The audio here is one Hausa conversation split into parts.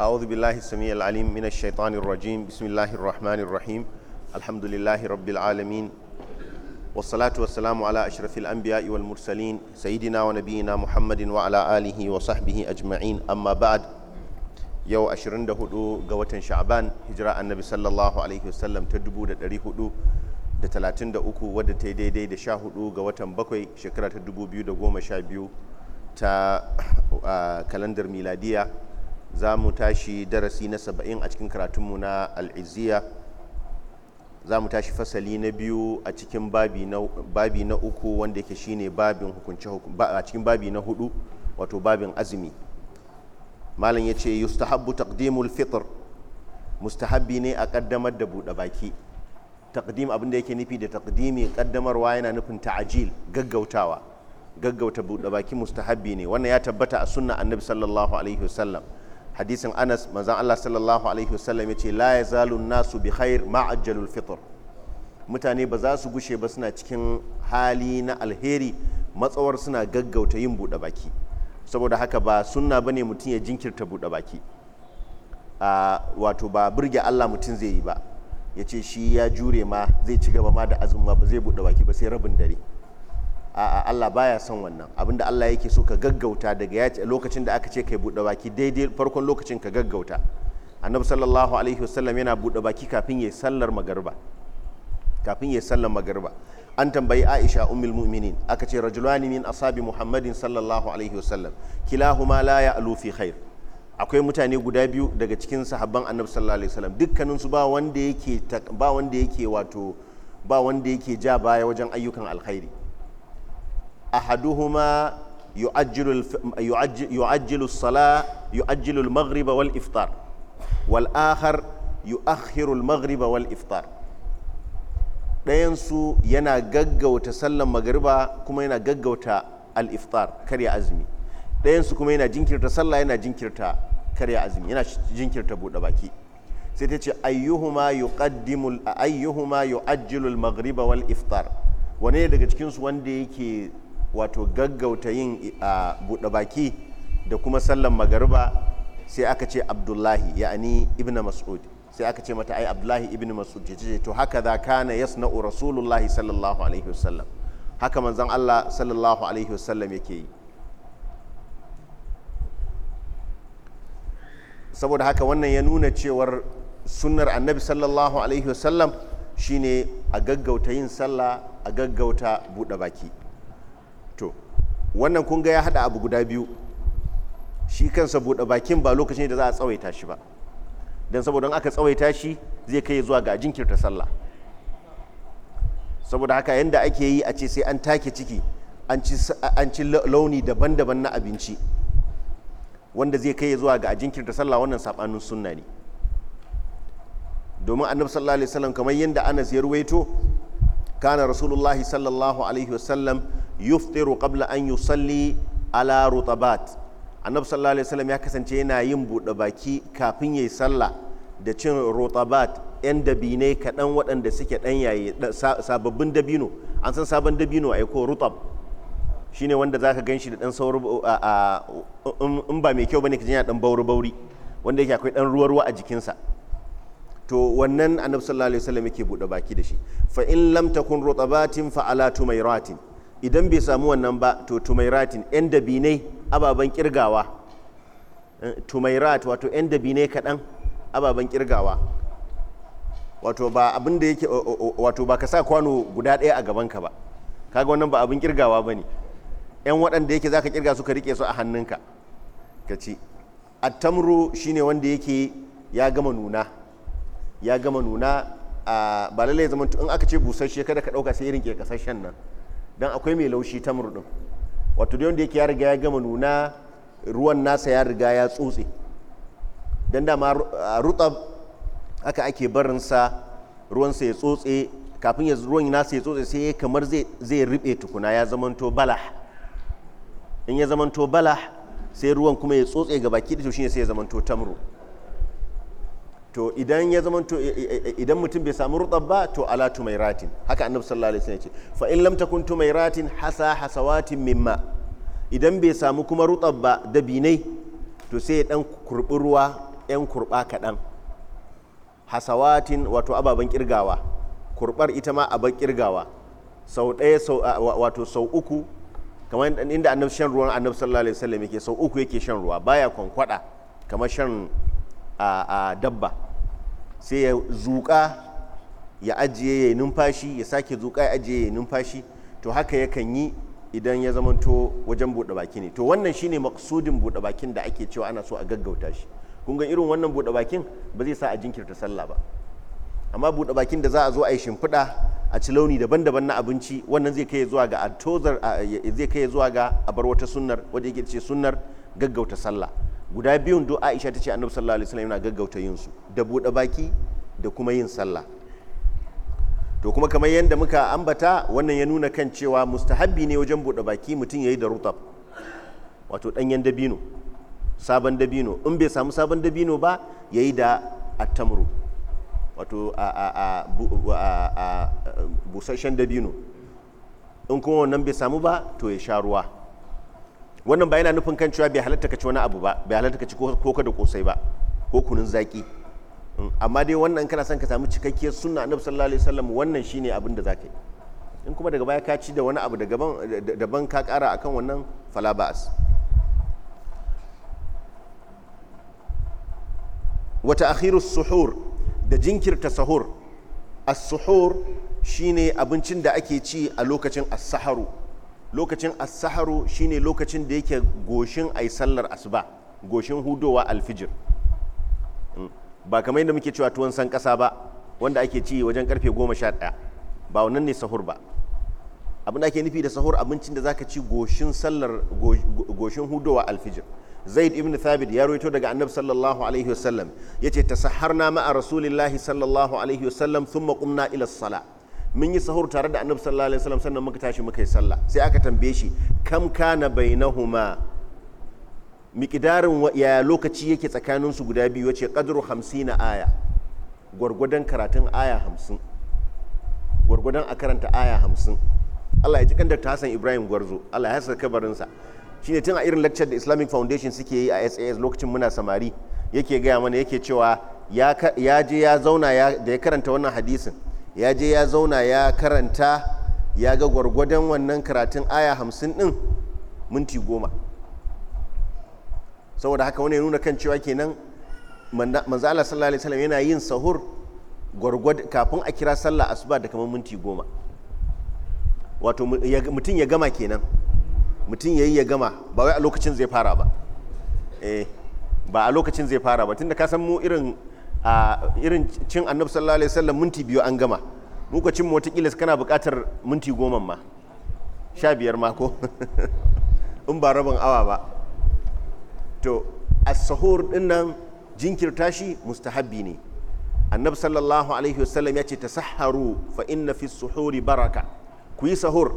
أعوذ بالله السميع العليم من الشيطان الرجيم بسم الله الرحمن الرحيم الحمد لله رب العالمين والصلاة والسلام على أشرف الأنبياء والمرسلين سيدنا ونبينا محمد وعلى آله وصحبه أجمعين أما بعد يو أشرن ده قوة شعبان هجراء النبي صلى الله عليه وسلم تدبو ده تريه da talatin da uku wadda ta yi daidai da sha hudu ga watan bakwai shekara ta dubu biyu da goma sha biyu ta kalandar miladiya za mu tashi darasi na saba'in a cikin karatunmu na Aliziya za mu tashi fasali na biyu a cikin babi na uku wanda yake shine babin hukunce a cikin babi na hudu wato babin azumi malam ya ce yustahabbu taqdimul fitr mustahabbi ne a kaddamar da buɗe baki taqdim abinda yake nufi da taqdimi kaddamarwa yana nufin ta'ajil gaggautawa gaggauta buɗe baki mustahabbi ne wannan ya tabbata a sunna annabi sallallahu alaihi wasallam hadisin anas manzan allah sallallahu alaihi wasallam ya ce la ya zalun nasu bi khair ma'ajjalul fitr mutane ba za su gushe ba suna cikin hali na alheri matsawar suna gaggauta yin buɗe baki saboda haka ba sunna ba ne mutum ya jinkirta buɗe baki wato ba burge allah mutum zai yi ba ya ce shi ya jure ma zai ci gaba ma da azumin ba zai buɗe baki ba sai rabin dare a Allah baya son wannan abinda Allah yake so ka gaggauta daga ya lokacin da aka ce kai buɗe baki daidai farkon lokacin ka gaggauta annabi sallallahu alaihi wasallam yana buɗe baki kafin ya sallar magarba kafin ya sallar magarba an tambayi aisha ummul mu'minin aka ce rajulani min asabi muhammadin sallallahu alaihi wasallam kilahuma la ya'lu fi khair akwai mutane guda biyu daga cikin sahabban annabi sallallahu alaihi wasallam dukkanin su ba wanda yake ba wanda yake wato ba wanda yake ja baya wajen ayyukan alkhairi ahaduhuma yu'ajjilu as-sala yu'ajjilu al-maghrib wal iftar wal akhar yu'akhiru al-maghrib wal iftar dayan yana gaggauta sallan magariba kuma yana gaggauta al karya azumi dayan kuma yana jinkirta sallah yana jinkirta karya azumi yana jinkirta buɗe baki sai ta ce ayyuhuma yuqaddimu ayyuhuma yu'ajjilu al-maghrib wal iftar wane daga cikinsu wanda yake wato gaggauta yin buɗe baki da kuma sallan magariba sai aka ce abdullahi ya'ani ibn mas'ud sai aka ce mata ai abdullahi ibn mas'ud ce ce to haka za kana yasna'u rasulullahi sallallahu alaihi wasallam haka manzon Allah sallallahu alaihi wasallam yake yi saboda haka wannan ya nuna cewar sunnar annabi sallallahu alaihi wasallam shine a gaggauta yin sallah a gaggauta buɗe baki wannan kun ga ya hada abu guda biyu shi kansa saboda bakin ba lokacin da za a tsawaita shi ba don saboda aka tsawaita shi zai kai zuwa ga jinkirta sallah saboda haka yadda ake yi a ce sai an take ciki an ci launi daban-daban na abinci wanda zai kai zuwa ga jinkirta sallah wannan sabanin sunna ne domin annabi sallallahu alaihi wasallam kamar yadda anas ya ruwaito kana rasulullahi sallallahu alaihi wasallam yuftiru qabla an yusalli ala rutabat annabi sallallahu alaihi wasallam ya kasance yana yin buɗe baki kafin yayi sallah da cin rutabat yan dabine kaɗan waɗanda suke ɗan yayi sababbin dabino an san sabon dabino ai ko rutab shine wanda zaka ganshi da ɗan sauri in ba mai kyau bane ka yana ɗan bauri bauri wanda yake akwai ɗan ruwa-ruwa a jikinsa to wannan annabi sallallahu alaihi wasallam yake buɗe baki da shi fa in lam takun rutabatin fa ala tumairatin idan bai samu wannan ba to tumairatin yan dabinai ababen kirgawa eh, tumairat wato yan dabinai kaɗan ababen kirgawa wato ba abin da yake wato ba ka sa kwano guda ɗaya a gabanka ba kaga wannan ba abin kirgawa ba ne yan waɗanda yake za ka kirga su ka riƙe su a hannunka ka ci attamru shine wanda yake ya gama nuna ya gama nuna ba lallai zama in aka ce busasshe kada ka ɗauka sai irin ke kasashen nan don akwai mai laushi ta murɗin wato da wanda yake ya riga ya gama nuna ruwan nasa ya riga ya tsotse don dama rutab haka ake barinsa ruwansa ya tsotse kafin ya ruwan nasa ya tsotse sai kamar zai riɓe tukuna ya zamanto bala in ya zamanto bala sai ruwan kuma ya tsotse ga baki da to shine sai ya zamanto tamro to idan ya zama to idan mutum bai samu rutsar ba to ala ratin haka annabi sallallahu alaihi wasallam ya ce fa in lam takun ratin hasa hasawatin mimma idan bai samu kuma rutsar ba dabinai to sai ya dan kurbi ruwa yan kurba kadan hasawatin wato ababen kirgawa kurbar ita ma aban kirgawa sau ɗaya sau wato sau uku kamar inda annabi shan ruwan annabi sallallahu alaihi wasallam yake sau uku yake shan ruwa baya kwankwada kamar shan a dabba sai ya zuƙa ya ajiye ya numfashi ya sake zuƙa ya ajiye ya numfashi to haka yakan yi idan ya zamanto wajen buɗe baki ne to wannan shine maksudin buɗe bakin da ake cewa ana so a gaggauta shi kun ga irin wannan buɗe bakin ba zai sa a jinkirta sallah ba amma buɗe bakin da za a zo a yi shimfiɗa a ci launi daban-daban na abinci wannan zai kai zuwa ga a tozar zai kai zuwa ga a bar wata sunnar wadda yake ce sunnar gaggauta sallah guda biyun do aisha ta ce annabi sallallahu alaihi wasallam yana gaggauta yin su da buɗe baki da kuma yin sallah to kuma kamar yadda muka ambata wannan ya nuna kan cewa mustahabbi ne wajen buɗe baki mutum yayi yi da rutab wato ɗanyen dabino sabon dabino in bai samu sabon dabino ba ya da attamru wato a busasshen dabino in kuma wannan bai samu ba to ya sha ruwa wannan ba yana nufin kan cewa bai halatta ka ci wani abu ba bai halatta ka ci ka da kosai ba ko kunun zaki mm, amma dai wannan kana son ka samu cikakkiyar sunna annabi sallallahu alaihi wasallam wannan shine abin da zaka yi in kuma daga baya ka ci da wani abu daga daban ka kara akan wannan fala ba'as wata ta'khiru suhur da jinkirta sahur as-suhur shine abincin da ake ci a lokacin as-saharu lokacin asaharu shine lokacin da yake goshin a sallar asuba goshin hudowa alfijir hmm. ba kamar yadda muke cewa tuwon san kasa ba wanda ake ci wajen karfe goma sha ɗaya ba wannan ne sahur ba abin da ake nufi da sahur abincin da zaka ci goshin sallar goshin hudowa alfijir zaid ibn thabit ya rawaito daga annabi sallallahu alaihi wasallam yace tasaharna ma'a rasulillahi sallallahu alaihi wasallam thumma qumna ila as mun yi sahur tare da annabi sallallahu alaihi wasallam sannan muka tashi muka yi sallah sai aka tambaye shi kam kana bainahuma miqdarin ya lokaci yake tsakanin su guda biyu yace qadru 50 aya gwargwadon karatun aya 50 gwargwadon a karanta aya 50 Allah ya ji kandar Hassan Ibrahim Gwarzo Allah ya hasa kabarinsa shine tun a irin lecture da Islamic Foundation suke yi a SAS lokacin muna samari yake gaya mana yake cewa ya je ya zauna da ya karanta wannan hadisin ya je ya zauna ya karanta ya ga gwargwadon wannan karatun aya hamsin ɗin minti goma saboda haka wani ya nuna kan cewa kenan manzo Allah sallallahu alaihi wasallam yana yin sahur gwargwad kafin a kira sallah asuba da kamar minti goma wato mutum ya gama kenan mutum ya yi ya gama ba wai a lokacin zai fara ba eh ba a lokacin zai fara ba tunda ka san mu irin a irin cin annabi sallallahu alaihi wasallam minti biyu an gama muka cin kilis kana buƙatar minti goma ma sha biyar ma ko in ba rabin awa ba to a sahur din nan jinkirta shi mustahabbi ne annabi sallallahu alaihi wasallam ya ce tasahharu fa inna fi suhuri baraka ku yi sahur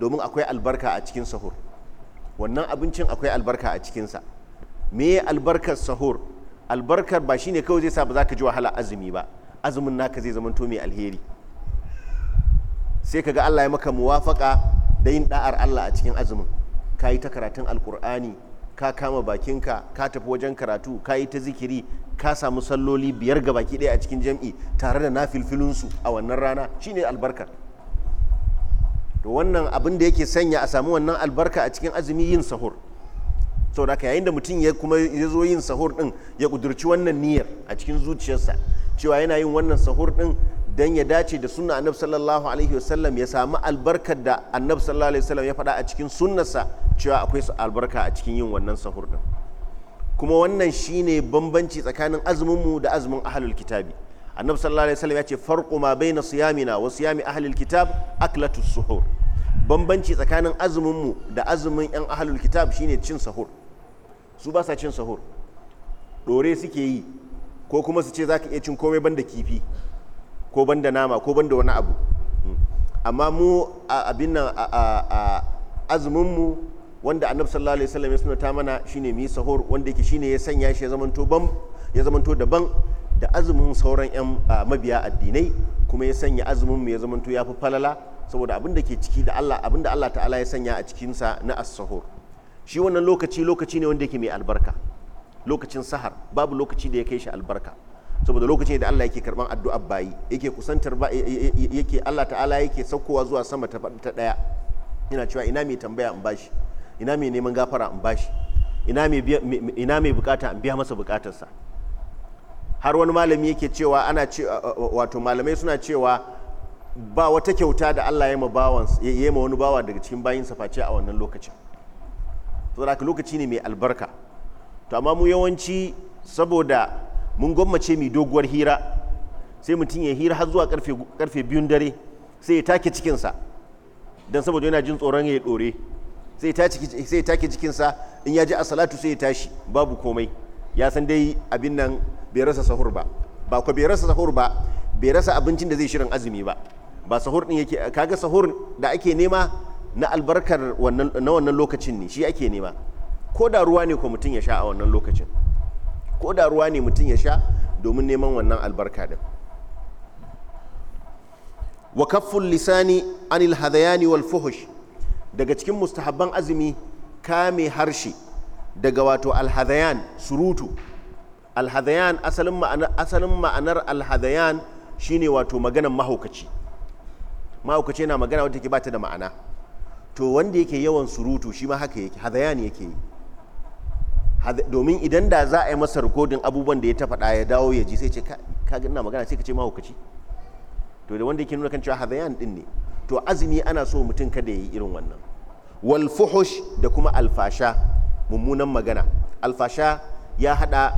domin akwai albarka a cikin sahur wannan abincin akwai albarka a cikinsa me albarkar sahur albarkar ba shine kawai zai sa ba za ka ji wahala azumi ba azumin naka zai zama to mai alheri sai ka ga Allah ya maka muwafaka da yin da'ar Allah a cikin azumin ka yi ta karatun alkur'ani ka kama bakinka ka tafi wajen karatu ka yi ta zikiri ka samu salloli biyar ga baki ɗaya a cikin jam'i tare da nafilfilinsu a wannan rana shine albarkar to wannan abin da yake sanya a samu wannan albarka a cikin azumi yin sahur saboda haka yayin da mutum ya kuma ya zo yin sahur din ya kudurci wannan niyyar a cikin zuciyarsa cewa yana yin wannan sahur din dan ya dace da sunna annabi sallallahu alaihi wasallam ya sami albarkar da annabi sallallahu alaihi wasallam ya faɗa a cikin sunnarsa cewa akwai albarka a cikin yin wannan sahur din kuma wannan shine bambanci tsakanin azumin mu da azumin ahlul kitabi annabi sallallahu alaihi wasallam ya ce farqu ma baina siyamina wa siyami ahlul kitab aklatus suhur bambanci tsakanin azumin mu da azumin yan ahlul kitab shine cin sahur su ba sa cin sahur ɗore suke yi ko kuma su ce za ka iya cin komai banda kifi ko banda nama ko banda wani abu amma mu abin nan a azuminmu wanda annabi sallallahu alaihi wasallam ya ta mana shine mu yi sahur wanda yake shine ya sanya shi ya zamanto daban da azumin sauran yan mabiya addinai kuma ya sanya azumin mu ya zamanto ya fi falala saboda abin da ke ciki da Allah abin da Allah ta'ala ya sanya a cikinsa na as-sahur shi wannan lokaci lokaci ne wanda yake mai albarka lokacin sahar babu lokaci da ya kai shi albarka saboda lokaci da Allah yake karban addu'ar bayi yake kusantar ba yake Allah ta'ala yake saukowa zuwa sama ta ta daya ina cewa ina mai tambaya in bashi ina mai neman gafara in bashi ina mai ina mai bukata in biya masa bukatarsa har wani malami yake cewa ana cewa wato malamai suna cewa ba wata kyauta da Allah ya ma bawan ya ma wani bawa daga cikin bayinsa face a wannan lokacin saboda lokaci ne mai albarka to amma mu yawanci saboda mun gwammace mai doguwar hira sai mutum ya hira har zuwa karfe biyun dare sai ya take cikinsa don saboda yana jin tsoron ya dore sai ya take cikinsa in ya ji asalatu sai ya tashi babu komai ya san dai abin nan bai rasa sahur ba ba ko bai rasa sahur ba bai rasa abincin da zai shirin azumi ba ba sahur din yake kaga sahur da ake nema na albarkar na wannan lokacin ne shi ake nema ko da ruwa ne ko mutum ya sha a wannan lokacin ko da ruwa ne mutum ya sha domin neman wannan albarka din wa kafful lisani anil hadayani wal fuhush daga cikin mustahabban azumi kame harshe daga wato alhadayan surutu alhadayan asalin ma'anar asalin ma'anar alhadayan shine wato maganar mahaukaci mahaukaci yana magana wanda take bata da ma'ana to wanda yake yawan surutu shi ma haka yake hadayani yake yi domin idan da za a yi masa rikodin abubuwan da ya ta faɗa ya dawo ya ji sai ce ka ina magana sai ka ce mahaukaci to da wanda yake nuna kan cewa hadayan din ne to azumi ana so mutum kada ya yi irin wannan wal da kuma alfasha mummunan magana alfasha ya hada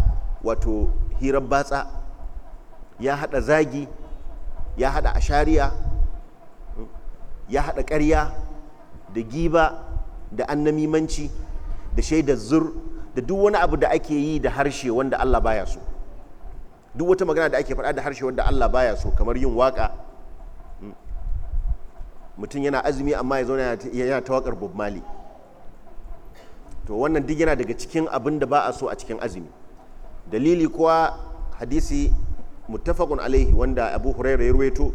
wato hirar batsa ya hada zagi ya hada ashariya ya hada ƙarya da giba da annamimanci da shaidar zur da duk wani abu da ake yi da harshe wanda Allah baya so duk wata magana da ake faɗa da harshe wanda Allah baya so kamar yin waka hmm. mutum yana azumi amma ya zauna yana ta waƙar Bob Marley to wannan duk yana daga cikin abin da ba a so a cikin azumi dalili kuwa hadisi muttafaqun alaihi wanda Abu Hurairah ya ruwaito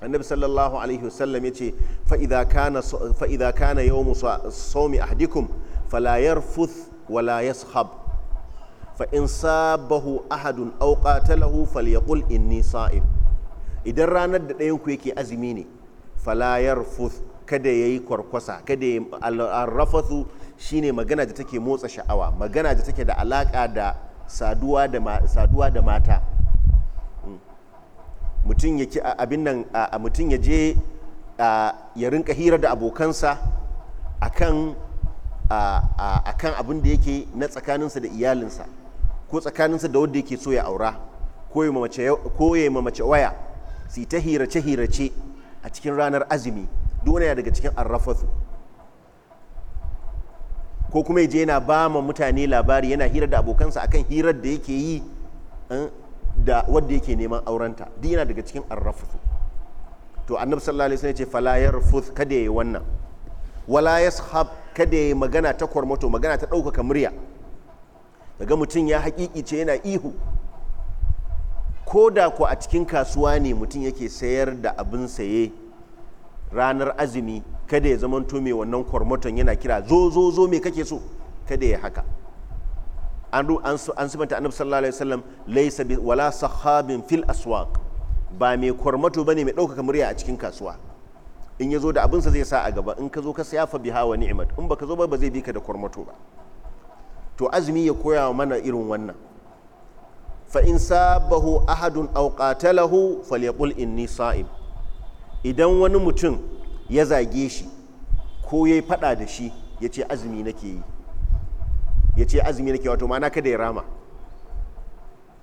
annabi sallallahu alaihi wasallam ya ce fa'iza kana yau musu saumi ahdikum falayar yarfuth wala yashab fa in sabahu ahadun aw qatalahu falyaqul inni sa'im idan ranar da ɗayan ku yake azumi ne falayar yarfuth kada ya yi kwarkwasa kada ya yayi shi shine magana da take motsa sha'awa magana da take da alaƙa da saduwa da mata mutum ya ci abin nan mutum ya je ya rinka hira da abokansa a kan abin da yake na tsakaninsa da iyalinsa ko tsakaninsa da wanda yake so ya aura ko ya yi mamace waya su ta hirace-hirace a cikin ranar azumi duniya daga cikin arrafatu ko kuma ya je yana ba ma mutane labari yana hira da abokansa akan hirar da yake yi eh, da wadda yake neman aurenta duk yana daga cikin arrafu to annabi sallallahu alaihi wasallam ya ce fala yarfuth kada yayi wannan wala yashab kada yayi magana ta kwarmato magana ta ɗaukaka murya daga mutum ya haƙiƙi ce yana ihu ko da ko a cikin kasuwa ne mutum yake sayar da abin saye ranar azumi kada ya zamanto mai wannan kwarmaton yana kira zo zo zo me kake so kada ya haka an sifanta annabi sallallahu alaihi wasallam laysa bi wala sahabin fil aswaq ba mai kormato bane mai ɗaukaka murya a cikin kasuwa in yazo zo da abinsa zai sa a gaba in ka zo ka saya fa biha wa ni'mat in baka zo ba ba zai bi ka da kormato ba to azumi ya koya wa mana irin wannan fa in sabahu ahadun aw qatalahu falyaqul inni sa'im idan wani mutum ya zage shi ko yayi fada da shi yace azumi nake yi ya ce azumi nake wato mana kada ya rama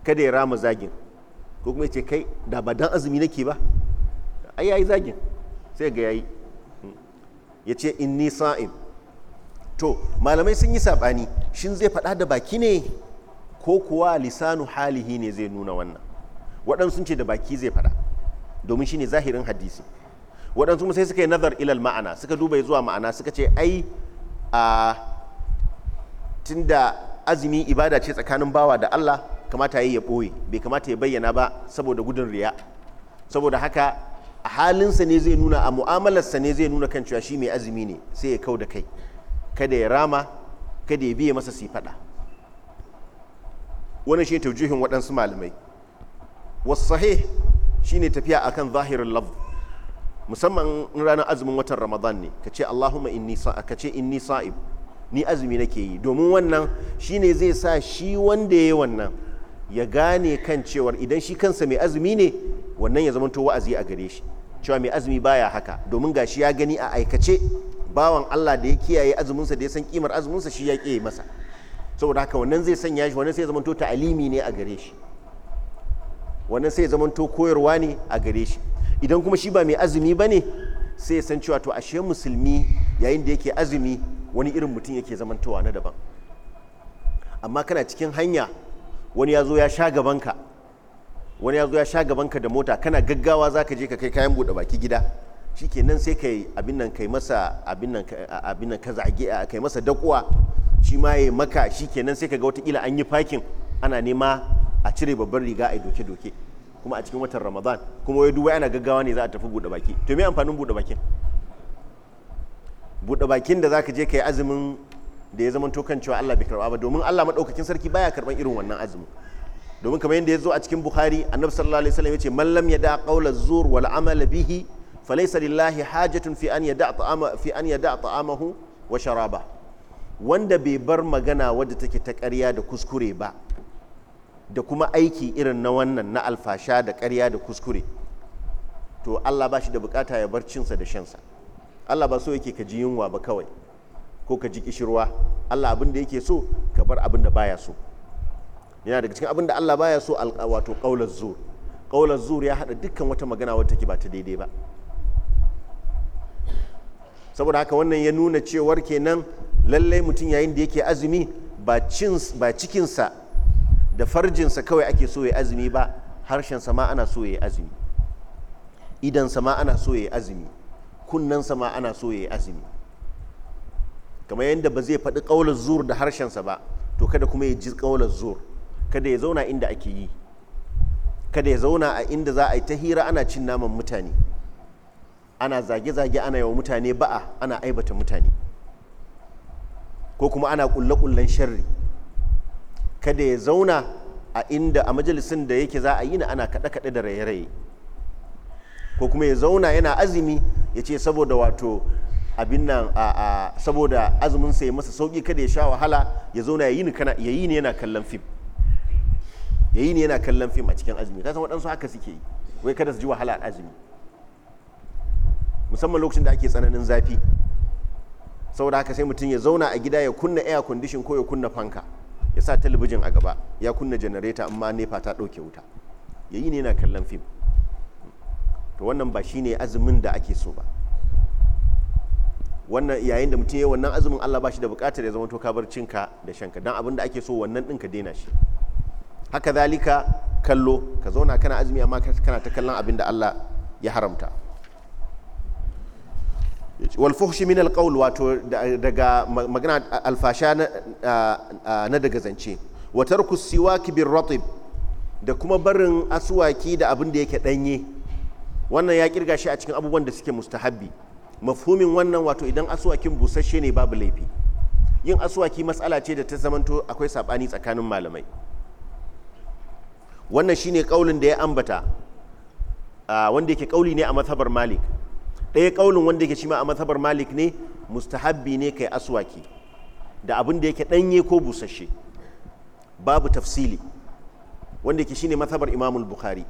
kada ya rama zagin ko kuma ya ce kai da ba dan azumi nake ba ai yayi zagin sai ga yayi ya ce inni sa'im to malamai sun yi sabani shin zai faɗa da baki ne ko kuwa lisanu halihi ne zai nuna wannan waɗansu sun ce da baki zai faɗa domin shine zahirin hadisi waɗansu sai suka yi nazar ilal ma'ana suka duba zuwa ma'ana suka ce ai a Tun da azumi ibada ce tsakanin bawa da Allah kamata ya yi ya ɓoye bai kamata ya bayyana ba saboda gudun riya saboda haka a halinsa ne zai nuna a mu'amalarsa ne zai nuna kan cewa shi mai azumi ne sai ya kau da kai kada ya rama kada ya biya masa si faɗa wannan shi taujihin waɗansu malamai wasu shi ne tafiya a kan zahirin lafz musamman ranar azumin watan ramadan ne ka ce allahumma inni ka ce ni azumi nake yi domin wannan shine zai sa shi wanda ya yi wannan ya gane kan cewar idan shi kansa mai azumi ne wannan ya zamanto wa'azi a gare shi cewa mai azumi baya haka domin ga shi ya gani a aikace bawan Allah da ya kiyaye azuminsa da ya san kimar azuminsa shi ya kiyaye masa saboda haka wannan zai sanya shi wannan sai ya zamanto ta'alimi ne a gare shi wannan sai ya zamanto koyarwa ne a gare shi idan kuma shi ba mai azumi ba ne sai ya san cewa to ashe musulmi yayin da yake azumi wani irin mutum yake zamantowa na daban amma kana cikin hanya wani ya zo ya sha gabanka wani ya zo ya sha gabanka da mota kana gaggawa za ka je ka kai kayan buɗe baki gida shikenan sai kai abin nan kai masa abin nan abin nan ka zage kai masa dakuwa shi ma ya maka shikenan sai ka ga watakila an yi fakin ana nema a cire babbar riga a doke doke kuma a cikin watan ramadan kuma wai duba ana gaggawa ne za a tafi buɗe baki to me amfanin buɗe bakin buɗe bakin da zaka je ka yi azumin da ya zama tokan cewa Allah bai karba ba domin Allah maɗaukakin sarki baya karban irin wannan azumin domin kamar yadda ya zo a cikin Bukhari annabi sallallahu alaihi wasallam ya ce man lam yada qawla zur wal amala bihi falaysa lillahi hajatun fi an yada ta'ama fi an ta'amahu wa sharaba wanda bai bar magana wadda take ta ƙarya da kuskure ba da kuma aiki irin na wannan na alfasha da ƙarya da kuskure to Allah ba shi da bukata ya bar cinsa da shansa Allah ba so yake ka ji yunwa ba kawai ko ka ji kishirwa Allah abin da yake so ka bar abin da baya so yana daga cikin abin da Allah baya so wato qaular zur ƙaular zur ya haɗa dukkan wata magana wata ke ba ta daidai ba saboda haka wannan ya nuna cewar kenan lallai mutum yayin da yake azumi ba ba cikinsa da farjinsa kawai ake so ya azumi ba harshen sama ana so ya azumi idansa sama ana so ya azumi kunnensa ma ana so ya yi azumi kamar yadda ba zai faɗi ƙaular zur da harshensa ba to kada kuma ya ji ƙaular zur kada ya zauna inda ake yi kada ya zauna a inda za a yi ta hira ana cin naman mutane ana zage-zage ana yawa mutane ba'a ana aibata mutane ko kuma ana ƙulle-ƙullen sharri kada ya zauna a inda a majalisin da yake za a yi na ana kaɗe-kaɗe da raye-raye ko kuma ya zauna yana azumi ya ce saboda wato abin nan a saboda azumin sai masa sauki kada ya sha wahala ya zauna ya yi ne yana kallon fim ya ne yana kallon fim a cikin azumi ta san waɗansu haka suke yi wai kada su ji wahala a azumi musamman lokacin da ake tsananin zafi saboda haka sai mutum ya zauna a gida ya kunna air condition ko ya kunna fanka ya sa talabijin a gaba ya kunna janareta amma nefa ta ɗauke wuta ya yi ne yana kallon fim to wannan ba shine azumin da ake so ba wannan yayin da mutum ya wannan azumin Allah ba shi da bukatar ya zama to kabar cinka da shanka dan abin da ake so wannan din ka daina shi haka zalika kallo ka zauna kana azumi amma kana ta kallon abin da Allah ya haramta wal fuhshi min wato daga magana alfasha na daga zance wa tarku siwaki bir da kuma barin asuwaki da abin da yake danye wannan ya kirga shi a cikin abubuwan da suke mustahabbi mafhumin wannan wato idan asuwakin busasshe ne babu laifi yin asuwaki matsala ce da ta zamanto akwai sabani tsakanin malamai wannan shine kaulin da ya ambata wanda yake kauli ne a mazhabar malik ɗaya kaulin wanda yake shi a mazhabar malik ne mustahabbi ne kai aswaki da abin da yake danye ko busasshe babu tafsili wanda yake shine mazhabar imamul bukhari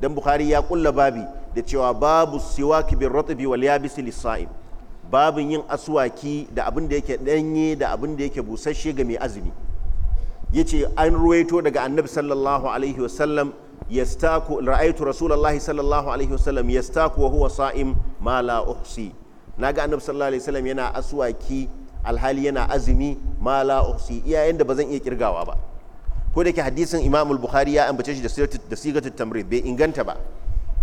dan bukhari ya kulla babi da cewa babu siwaki bin ratbi wal yabisi lisa'im babin yin aswaki da abin da yake danye da abin da yake busasshe ga mai azumi yace an ruwaito daga annabi sallallahu alaihi wasallam yastaku ra'aytu rasulullahi sallallahu alaihi wasallam yastaku wa huwa sa'im ma la uhsi naga annabi sallallahu alaihi wasallam yana aswaki alhali yana azumi ma la uhsi iyayen da bazan iya kirgawa ba ko da ke hadisin imam bukhari ya ambace shi da sigatut tamrid bai inganta ba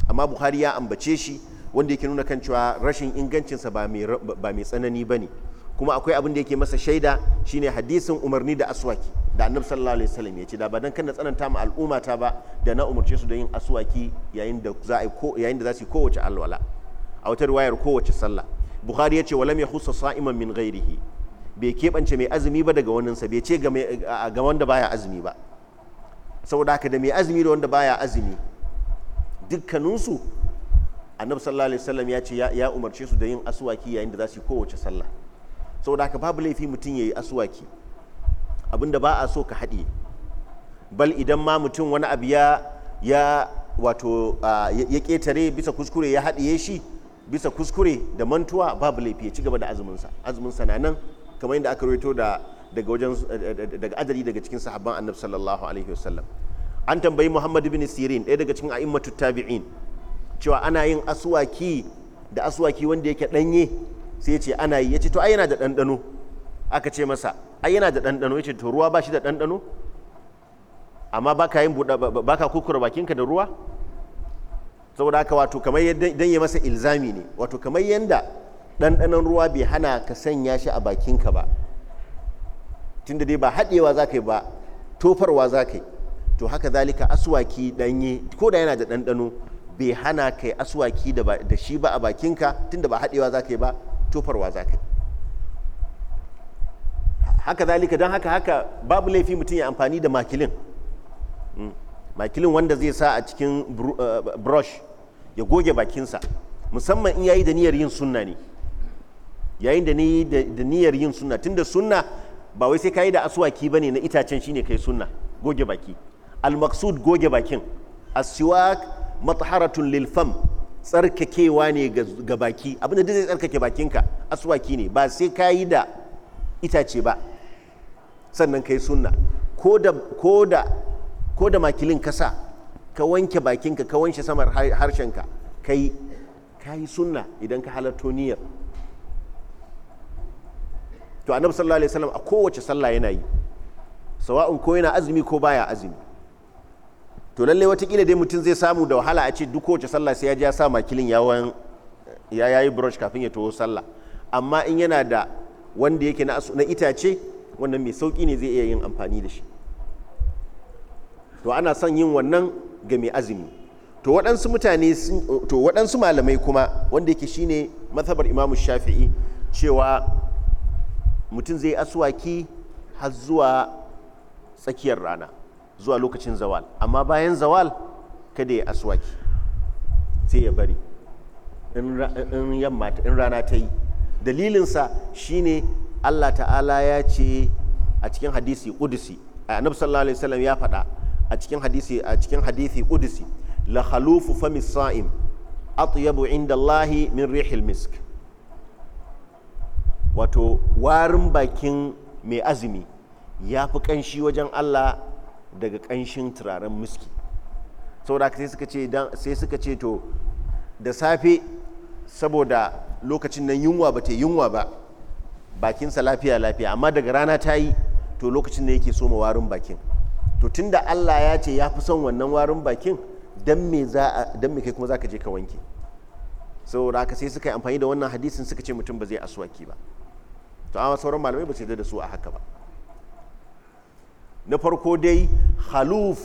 amma bukhari ya ambace shi wanda yake nuna kan cewa rashin ingancinsa ba mai tsanani ba ne kuma akwai abin da yake masa shaida shine hadisin umarni da aswaki da annabi sallallahu alaihi wasallam ya ce da ba dan kana tsananta ma al'umma ta ba da na umarce su da yin aswaki yayin da za a yayin da za su yi kowace alwala a wata riwayar kowace sallah bukhari ya ce walam yakhussa sa'iman min ghairihi bai keɓance mai azumi ba daga sa bai ce ga wanda baya azumi ba saboda haka da mai azumi da wanda baya azumi dukkaninsu annabi sallallahu alaihi wasallam ya ce ya umarce su da yin aswaki yayin da za su yi kowace sallah saboda haka babu laifi mutum ya yi aswaki abinda ba a so ka haɗe bal idan ma mutum wani abu ya ya wato ya ƙetare bisa kuskure ya haɗiye shi bisa kuskure da mantuwa babu laifi ya ci gaba da azuminsa azuminsa na nan kamar yadda aka rawaito da daga wajen daga adali daga cikin sahabban annabi sallallahu alaihi wasallam an tambayi muhammad ibn sirin ɗaya daga cikin a'immatu tabi'in cewa ana yin aswaki da aswaki wanda yake danye sai ya ce ana yi ya ce to ai yana da ɗanɗano aka ce masa ai yana da ɗanɗano ya ce to ruwa ba shi da ɗanɗano amma baka yin buɗa baka kukura bakinka da ruwa saboda haka wato kamar yadda danye masa ilzami ne wato kamar yadda ɗanɗanon ruwa bai hana ka sanya shi a bakinka ba tunda dai ba haɗewa za ka yi ba tofarwa za ka yi to haka zalika aswaki ɗanye ko da yana da ɗanɗano bai hana kai aswaki da shi ba a bakinka tunda ba haɗewa za ka yi ba tofarwa za ka yi haka zalika don haka haka babu laifi mutum ya amfani da makilin hmm. makilin wanda zai sa a cikin eh, brush ya goge bakinsa musamman in yayi da niyyar yin sunna ne yayin da ni da niyyar yin sunna tunda sunna ba wai sai kayi da aswaki bane na itacen shine kai sunna goge baki al maqsud goge bakin as-siwak matharatun lil fam tsarkakewa ne ga baki abinda duk zai tsarkake bakinka aswaki ne ba sai kayi da itace ba sannan kai sunna ko da ko da ko da makilin kasa ka wanke bakinka ka wanke samar harshenka kai kayi sunna idan ka halatto niyyar to annabi sallallahu alaihi wasallam a kowace sallah yana yi sawa'un ko yana azumi ko baya azumi to lalle watakila dai mutum zai samu da wahala a ce duk kowace sallah sai ya ji ya sa makilin yawon ya yayi brush kafin ya taho sallah amma in yana da wanda yake na itace wannan mai sauki ne zai iya yin amfani da shi to ana son yin wannan ga mai azumi to waɗansu mutane to waɗansu malamai kuma wanda yake shine mazhabar imamu shafi'i cewa mutum zai aswaki har zuwa tsakiyar rana zuwa lokacin zawal amma bayan zawal kada ya aswaki sai ya bari in yamma in rana ta yi dalilinsa shine Allah ta'ala ya ce a cikin hadisi kudusi annabi sallallahu alaihi wasallam ya faɗa a cikin hadisi a cikin hadisi kudusi la khalufu fami sa'im atyabu inda Allahi min rihil misk wato warin bakin mai azumi ya fi ƙanshi wajen Allah daga kanshin turaren miski saboda sai suka ce sai suka ce to da safe saboda lokacin nan yunwa ba ta yunwa ba bakinsa lafiya lafiya amma daga rana ta yi to lokacin da yake soma warin bakin to tunda Allah ya ce ya fi son wannan warin bakin dan me kai kuma zaka je ka wanke saboda haka sai suka yi amfani da wannan hadisin suka ce mutum ba zai aswaki ba to amma sauran malamai ba su yarda da su a haka ba na farko dai haluf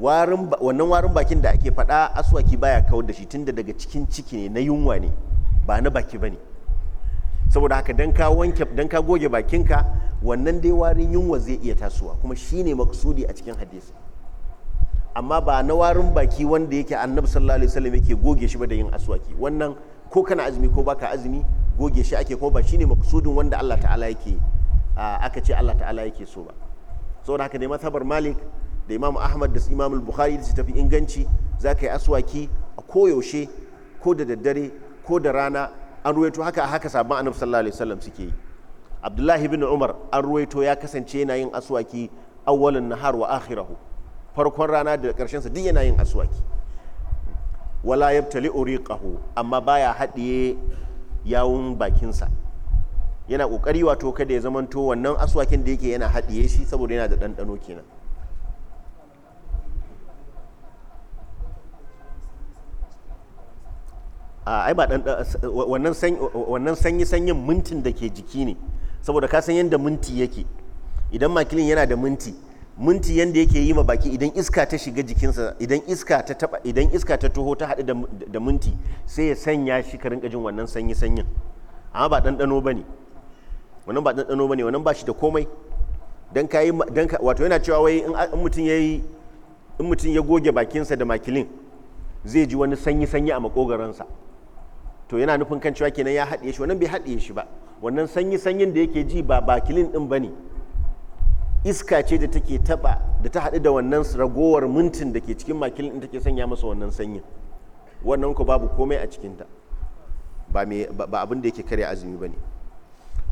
wannan warin bakin da ake faɗa aswaki baya kawar da shi da daga cikin ciki ne na yunwa ne ba na baki ba ne saboda haka don ka wanke don ka goge bakinka wannan dai warin yunwa zai iya tasowa kuma ne maksudi a cikin hadisi amma ba na warin baki wanda yake annabi sallallahu alaihi wasallam yake goge shi ba da yin aswaki wannan ko kana azumi ko baka azumi goge shi ake kuma ba ne maksudin wanda Allah ta'ala yake aka ce Allah ta'ala yake so ba saboda haka ne mazhabar Malik da Imam Ahmad da Imam Bukhari da su tafi inganci za ka yi aswaki a koyaushe ko da daddare ko da rana an ruwaito haka a haka sabon annabi sallallahu alaihi wasallam suke yi Abdullahi ibn Umar an ruwaito ya kasance yana yin aswaki awwalin nahar wa akhirahu farkon rana da karshen sa duk yana yin aswaki wala yabtali uriqahu amma baya haɗiye yawun bakinsa yana ƙoƙari wato kada ya zamanto wannan aswakin da yake yana haɗiye shi saboda yana da ɗanɗano kenan ai ba wannan sanyi sanyin mintin da ke jiki ne saboda ka san yadda minti yake idan makilin yana da minti minti yanda yake yi ma baki idan iska ta shiga jikinsa idan iska ta taba idan iska ta taho ta haɗu da minti sai ya sanya shi ka rinka jin wannan sanyi sanyin amma ba ɗanɗano ne wannan ba ɗanɗano ne wannan ba shi da komai dan kayi dan wato yana cewa wai in mutum in mutum ya goge bakinsa da makilin zai ji wani sanyi sanyi a makogaransa to yana nufin kan cewa kenan ya haɗe shi wannan bai haɗe shi ba wannan sanyi sanyin da yake ji ba bakilin din ne. iska ce da take taba da ta haɗu da wannan ragowar mintin da ke cikin makilin in take sanya masa wannan sanyin wannan ku babu komai a cikinta ba abin da yake karya azumi ba ne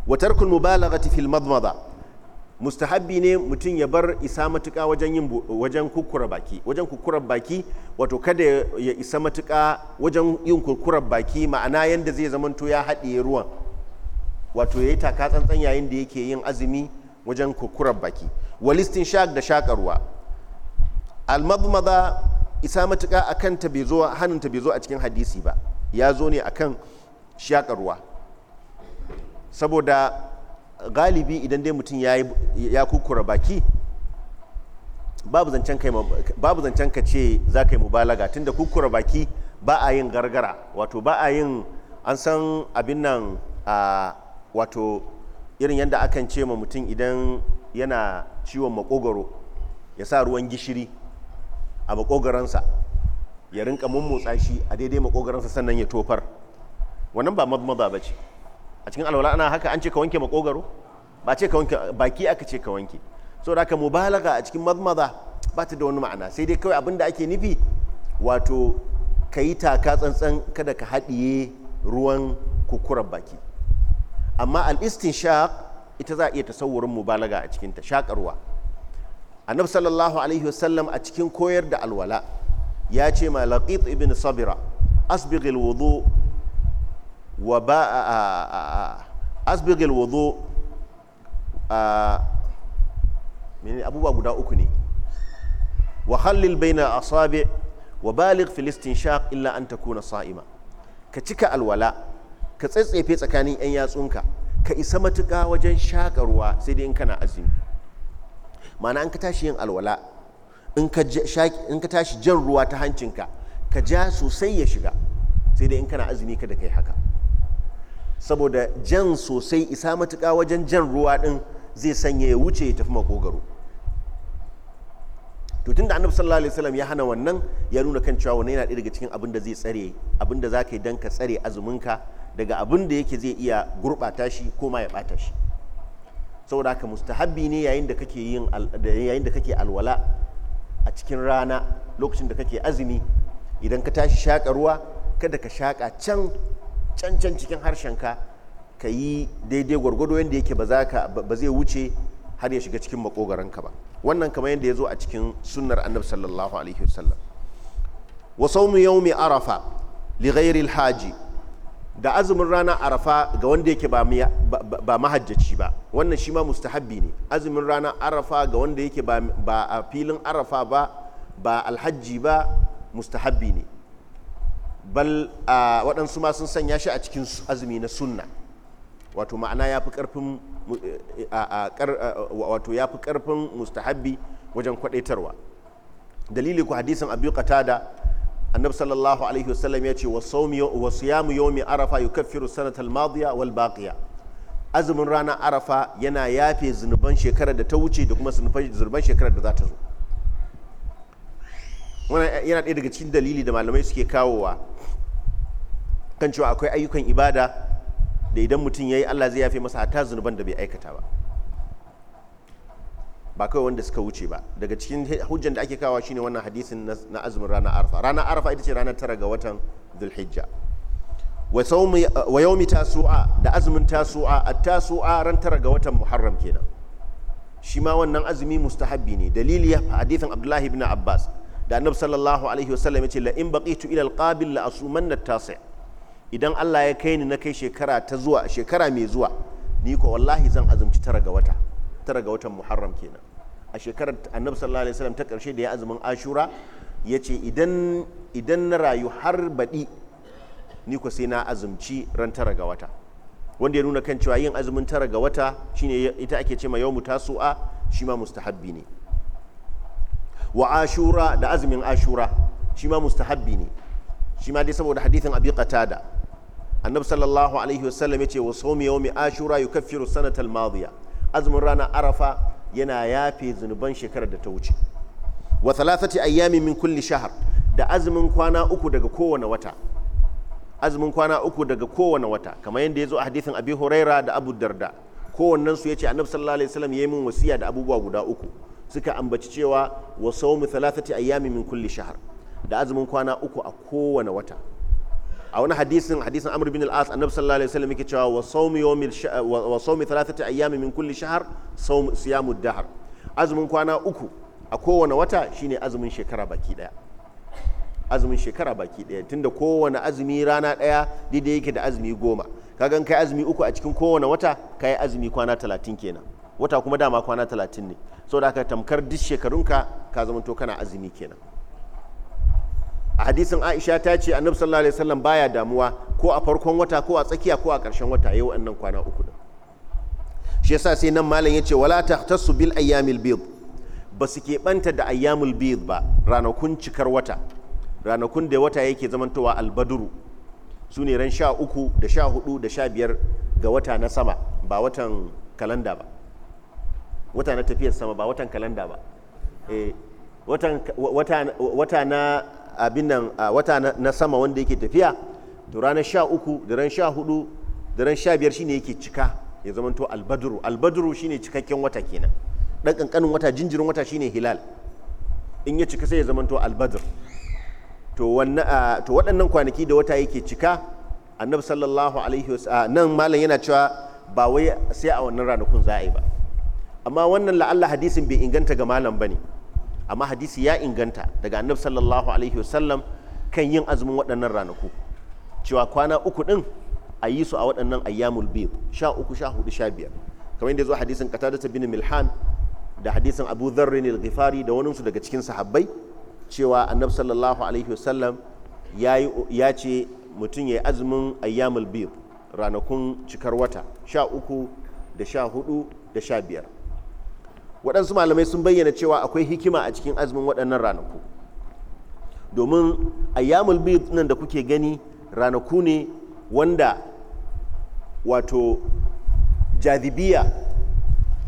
watar mubalaghati fil madmada mustahabbi ne mutum ya bar isa matuka wajen yin wajen kukkura baki wajen kukkura baki wato kada ya isa matuka wajen yin kukkura baki ma'ana yanda zai zamanto ya haɗiye ruwan wato ya yi taka tsantsan yayin da yake yin azumi wajen kukurar baki walistin shaq da shakarwa almadmada isa matuka akan ta bai zo ta bai zo a cikin hadisi ba ya zo ne akan shakarwa saboda galibi idan dai mutum ya kukura baki babu zancen ka ce za ka yi mubalaga tunda kukura baki ba a yin gargara wato ba a yin an san abin nan wato irin yadda akan ce ma mutum idan yana ciwon makogaro ya sa ruwan gishiri a makogaransa ya rinka mummutsa shi a daidai makogaransa sannan ya tofar wannan ba madmada ba ce a cikin alwala ana haka an ce ka wanke makogaro ba ce ka wanke baki aka ce ka wanke da aka mubalaga a cikin madmada ba ta da wani ma'ana sai dai kawai abin da ake nufi wato ka yi taka tsantsan kada ka haɗiye ruwan kukurar baki amma al-istinshaq ita za a iya tasawurin mubalaga a cikinta shakarwa annabi sallallahu alaihi wasallam a cikin koyar da alwala ya ce ma laqit ibn sabira asbigh al-wudu wa ba asbigh al-wudu abubuwa guda uku ne wa khallil baina asabi wa baligh fil istinshaq illa an takuna sa'ima ka cika alwala ka tsetsefe tsakanin 'yan yatsunka ka isa matuƙa wajen shaƙa sai dai in kana azumi ma'ana in ka tashi yin alwala in ka tashi jan ruwa ta hancinka ka ja sosai ya shiga sai dai in kana azumi kada kai haka saboda jan sosai isa matuka wajen jan ruwa din zai sanya ya wuce ya tafi makogaro to tun da annabi sallallahu alaihi wasallam ya hana wannan ya nuna kan cewa wannan yana ɗaya daga cikin abin da zai tsare abin da za ka yi don ka tsare azuminka daga abin da yake zai iya gurɓata shi ko ma ya ɓata shi saboda haka mustahabbi ne yayin da kake yin yayin da kake alwala a cikin rana lokacin da kake azumi idan ka tashi shaƙa ruwa kada ka shaka can can can cikin harshenka ka yi daidai gwargwado yadda yake ba zai wuce har ya shiga cikin ka ba wannan kamar yadda ya zo a cikin sunnar annabi sallallahu alaihi wasallam wa sawmu yawmi arafa li ghairi alhaji da azumin rana arafa ga wanda yake ba, mahajjaci ba wannan shi ma mustahabbi ne azumin rana arafa ga wanda yake ba, a filin arafa ba ba alhaji ba mustahabbi ne bal a waɗansu ma sun sanya shi a cikin azumi na sunna wato ma'ana ya fi ƙarfin wato ya fi ƙarfin mustahabbi wajen kwaɗaitarwa dalili ku hadisin abu qatada annabi sallallahu alaihi wasallam ya ce wa siyamu yawmi arafa yukaffiru sanata al-madiya wal baqiya azumin ranar arafa yana yafe zunuban shekarar da ta wuce da kuma zunuban shekarar da za ta zo wannan yana ɗaya daga cikin dalili da malamai suke kawowa kan cewa akwai ayyukan ibada da idan mutum ya yi allah zai yafe masa hata zunuban da bai aikata ba ba kawai wanda suka wuce ba daga cikin hujjan da ake kawo shine wannan hadisin na azumin ranar arfa ranar arfa ita ce ranar tara ga watan zulhijja wa yaumi tasu'a da azumin tasu'a a tasu'a ran tara ga watan muharram kenan shi ma wannan azumi mustahabbi ne dalili ya hadisin abdullahi ibn abbas da annabi sallallahu alaihi wasallam ya ce la in baqitu ila alqabil la at tasi' idan Allah ya kai ni na kai shekara ta zuwa shekara mai zuwa ni ko wallahi zan azumci tara ga wata tara ga watan muharram kenan a shekarar annabi sallallahu alaihi wasallam ta karshe da ya azumin ashura ya ce idan na rayu har baɗi ni ko sai na azumci ran tara ga wata wanda ya nuna kan cewa yin azumin tara ga wata shine ita ake ce ma yawmu tasu'a shi ma mustahabbi ne wa ashura da azumin ashura shi ma mustahabbi ne shi ma dai saboda hadithin abi qatada annabi sallallahu alaihi wasallam yace wa sawmi yawmi ashura yukaffiru sanata al-madiya azumin rana arafa yana yafe zunuban shekarar da ta wuce wa thalathati ayyamin min kulli shahr da azumin kwana uku daga kowane wata azumin kwana uku daga kowane wata kamar yadda ya zo a hadithin abi huraira da abu darda kowannen su ya ce annabi sallallahu alaihi wasallam ya min wasiya da abubuwa guda uku suka ambaci cewa wa sawmu thalathati ayyamin min kulli shahar da azumin kwana uku a kowane wata a wani hadisin hadisin amr bin al-as annabi sallallahu alaihi wasallam yake cewa wa sawmi yawmil wa sawmi thalathati ayyamin min kulli shahr sawm siyamud dahr azumin kwana uku a kowane wata shine azumin shekara baki daya azumin shekara baki daya tunda kowane azumi rana daya daidai yake da azumi goma kagan kai azumi uku a cikin kowane wata ka yi azumi kwana talatin kenan wata kuma dama kwana talatin ne saboda haka tamkar duk shekarunka ka zama to kana azumi kenan a hadisin aisha ta ce annabi sallallahu alaihi wasallam baya damuwa ko a farkon wata ko a tsakiya ko a ƙarshen wata yau annan kwana uku din shi yasa sai nan malam yace wala tahtassu bil ayyamil bid ba su keɓanta da ayyamul bid ba ranakun cikar wata ranakun da wata yake zamantowa albaduru su ne ran sha uku da sha hudu da sha biyar ga wata na sama ba watan kalanda ba wata na tafiyar sama ba watan kalanda ba eh, wata na abin nan wata na sama wanda yake tafiya to ranar sha uku da ran sha hudu da ran sha biyar shine yake cika ya to albaduru albaduru shine cikakken wata kenan dan kankanin wata jinjirin wata shine hilal in ya cika sai ya to albadur to wannan to waɗannan kwanaki da wata yake cika annabi sallallahu alaihi wasallam nan malam yana cewa ba wai sai a wannan ranakun za a yi ba amma wannan la'alla hadisin bai inganta ga malam bane amma hadisi ya inganta daga annabi sallallahu alaihi wasallam kan yin azumin waɗannan ranaku cewa kwana uku ɗin a yi su a waɗannan ayyamul biyu sha uku sha hudu sha biyar kamar yadda zuwa hadisin qatada bin milhan da hadisin abu dharrin al-ghifari da waninsu daga cikin sahabbai cewa annabi sallallahu alaihi wasallam ya ce mutum ya yi azumin ayyamul biyu ranakun cikar wata sha uku da sha hudu da sha biyar waɗansu malamai sun bayyana cewa akwai hikima a cikin azumin waɗannan ranaku domin ayyamul bid nan da kuke gani ranaku ne wanda wato jadibiya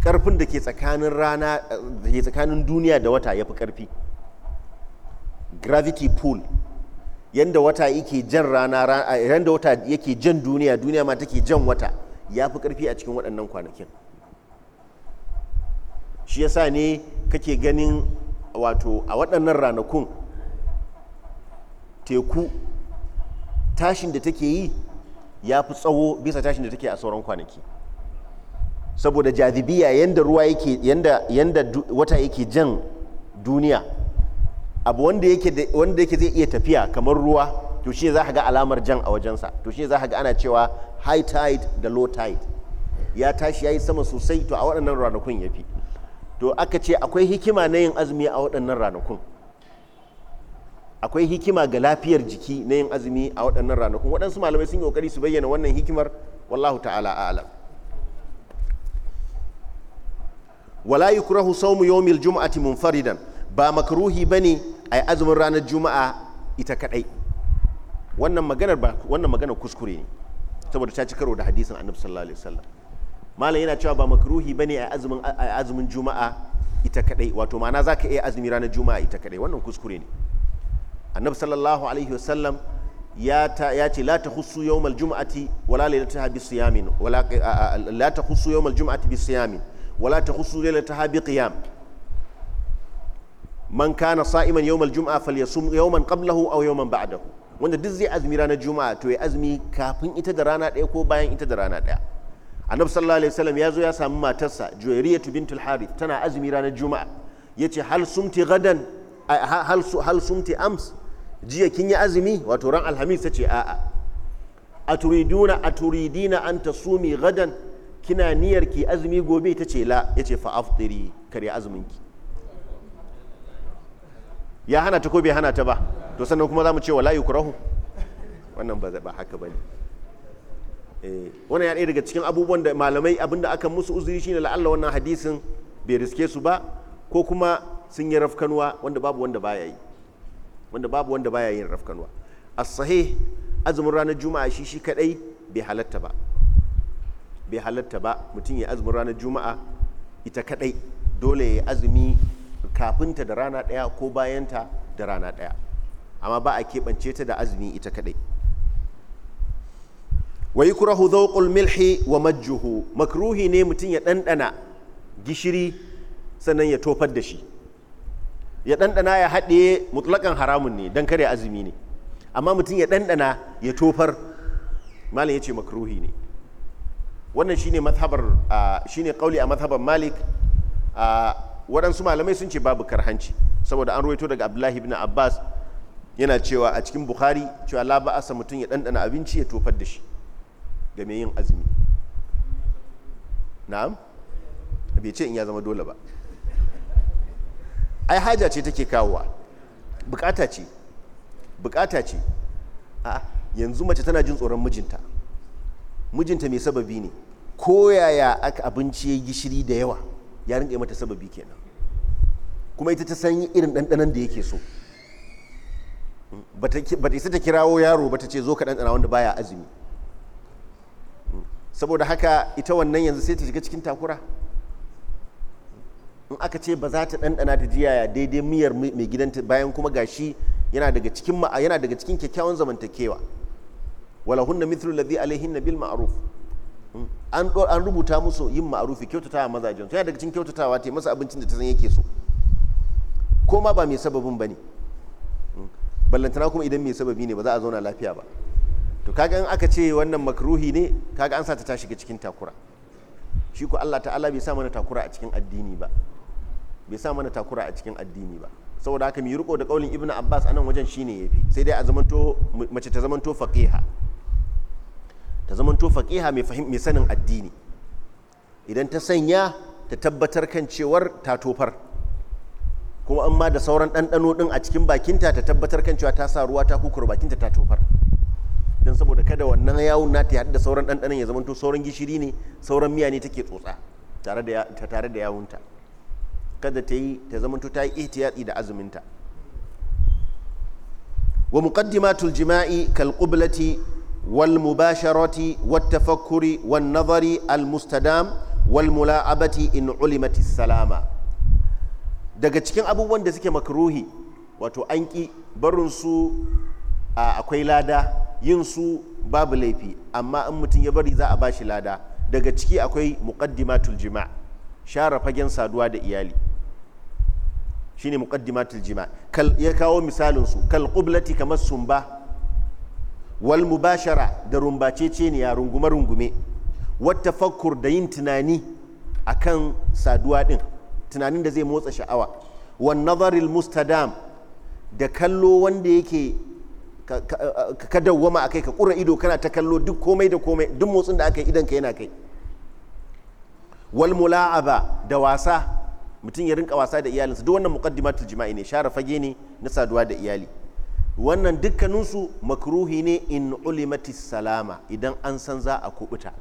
ƙarfin da ke tsakanin duniya da wata ya fi ƙarfi gravity pool yadda wata yake jan rana yadda wata yake jan duniya duniya ma take jan wata ya fi ƙarfi a cikin waɗannan kwanakin shi yasa ne kake ganin wato a waɗannan ranakun teku tashin da take yi ya fi tsawo bisa tashin da take a sauran kwanaki saboda jazibiya yanda ruwa yake yanda wata yake jan duniya abu wanda yake zai iya tafiya kamar ruwa to shi za ga alamar jan a wajensa to shi za ga ana cewa high tide da low tide ya tashi ya yi sama sosai to a waɗannan ranakun ya fi to aka ce akwai hikima na yin azumi a waɗannan ranakun akwai hikima ga lafiyar jiki na yin azumi a waɗannan ranakun waɗansu malamai sun yi ƙoƙari su bayyana wannan hikimar wallahu ta'ala a'lam wala yukrahu sawmu yawmil jum'ati munfaridan ba makruhi bane ai azumin ranar juma'a ita kadai wannan maganar ba wannan maganar kuskure ne saboda ta ci karo da hadisin annabi sallallahu alaihi wasallam malam yana cewa ba makruhi bane a azumin azumin juma'a ita kadai wato ma'ana zaka iya azumi ranar juma'a ita kadai wannan kuskure ne annabi sallallahu alaihi wasallam ya ta ya ce la tahussu yawmal jum'ati wala lailataha bisiyamin wala la tahussu yawmal jum'ati bisiyamin wala tahussu lailataha biqiyam man kana sa'iman yawmal jum'a falyasum yawman qablahu aw yawman ba'dahu wanda duk zai azumi ranar juma'a to ya azumi kafin ita da rana ɗaya ko bayan ita da rana ɗaya annabi sallallahu alaihi wasallam ya zo ya samu matarsa juwairiyatu bintul harith tana azumi ranar juma'a yace hal sumti gadan hal hal sumti ams jiya kin yi azumi wato ran alhamis tace a'a aturiduna aturidina an tasumi gadan kina niyyar ki azumi gobe tace la yace fa aftiri kare azumin ki ya hana ta ko bai hana ta ba to sannan kuma za mu ce wala yukrahu wannan ba haka bane Eh, wannan ya daga cikin abubuwan da malamai abinda aka musu uzuri shine la'alla wannan hadisin bai riske su ba ko kuma sun yi rafkanuwa wanda babu wanda baya yi wanda babu wanda baya yin rafkanuwa as-sahih azumin ranar juma'a shi shi kadai bai halatta ba bai halatta ba mutum ya azumin ranar juma'a ita kadai dole ya azumi kafinta da rana daya ko bayanta da rana daya amma ba a keɓance ta da azumi ita kadai wa kurahu dhawqul milhi wa majjuhu makruhi ne mutum ya ɗanɗana gishiri sannan ya tofar da shi ya ɗanɗana ya haɗe mutlakan haramun ne don kare azumi ne amma mutum ya ɗanɗana ya tofar malam ya ce makruhi ne wannan shine mazhabar shine kauli a mazhabar malik waɗansu malamai sun ce babu karhanci saboda an ruwaito daga abdullahi ibn abbas yana cewa a cikin bukhari cewa la ba'asa mutum ya ɗanɗana abinci ya tofar da shi ga mai yin azumi na'am bai ce in ya zama dole ba ai haja ce take kawowa bukata ce bukata ce a yanzu mace tana jin tsoron mijinta mijinta mai sababi ne ko yaya aka abinci ya gishiri da yawa ya rinka mata sababi kenan kuma ita ta san irin ɗanɗanon da yake so ba ta isa ta kirawo yaro ba ta ce zo ka ɗanɗana wanda baya azumi saboda haka ita wannan yanzu sai ta shiga cikin takura in aka ce ba za ta ɗanɗana ta ji yaya daidai miyar mai gidanta bayan kuma gashi yana daga cikin yana daga cikin kyakkyawan zamantakewa wala hunna mithlu alladhi alaihinna bil ma'ruf an an rubuta musu yin ma'rufi kyautatawa mazajen yana daga cikin kyautatawa ta masa abincin da ta san yake so ko ma ba mai sababin bane ballantana kuma idan mai sababi ne ba za a zauna lafiya ba to kaga in aka ce wannan makruhi ne kaga an sa ta shiga cikin takura shi ko Allah ta'ala bai sa mana takura a cikin addini ba bai sa mana takura a cikin addini ba saboda haka mu riko da kaulin ibnu abbas anan wajen shine yafi sai dai a zamanto mace ta zamanto faqiha ta zamanto faqiha mai fahim mai sanin addini idan ta sanya ta tabbatar kan cewar ta tofar kuma amma da sauran ɗanɗano ɗin a cikin bakinta ta tabbatar kan cewa ta sa ruwa ta kukur bakinta ta tofar don saboda kada wannan yawun nata ya haɗu da sauran ɗanɗanon ya zamanto sauran gishiri ne sauran miya ne take tsotsa tare da yawunta kada ta yi ta zamanto ta yi ihtiyatsi da azuminta wa muqaddimatul jima'i kal qiblati wal mubasharati wat tafakkuri wan nazari al mustadam wal mula'abati in ulimati salama daga cikin abubuwan da suke makruhi wato an ki barin su akwai lada yin su babu laifi amma in mutum ya bari za a bashi lada daga ciki akwai muqaddimatul jima' share fagen saduwa da iyali shine muqaddimatul jima' ya kawo misalin su kal kublati kamar sumba wal mubashara da ne rumbaceceniya rungume rungume wata fakkur da yin tunani akan saduwa din tunanin da zai motsa sha'awa wan nazaril mustadam da kallo wanda yake Eh, eh, ka dawwama a akai ka kura ido kana ta kallo duk komai da komai duk motsin da aka yi ka yana kai wal mula'aba da wasa mutum ya rinka wasa da iyalinsa duk wannan muqaddimatul jima'i ne share fage ne na saduwa da iyali wannan dukkaninsu makruhi ne in ulimati salama idan an san za a kubuta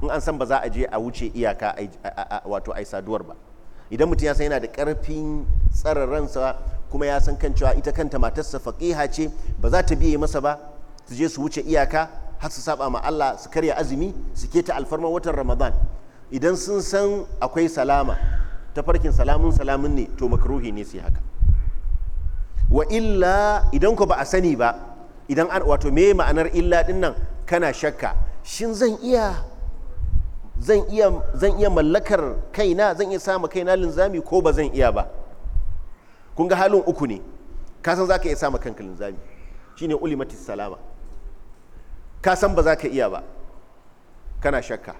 in an san ba za a je a wuce iyaka wato ai saduwar ba idan mutum ya san yana da karfin tsararransa sa. kuma ya san kan cewa ita kanta matarsa faqiha ce ba za ta biye masa ba su je su wuce iyaka har su saba ma Allah su karya azumi su keta alfarma watan Ramadan idan sun san akwai salama ta farkin salamun salamun ne to makruhi ne sai haka wa illa idan ko ba a sani ba idan an wato me ma'anar illa din nan kana shakka shin zan iya zan iya zan iya mallakar kaina zan iya samu kaina linzami ko ba zan iya ba kun ga halin uku ne ka san za ka iya sa ma kanka linzami shi ne ulimatis salama ka san ba za ka iya ba kana shakka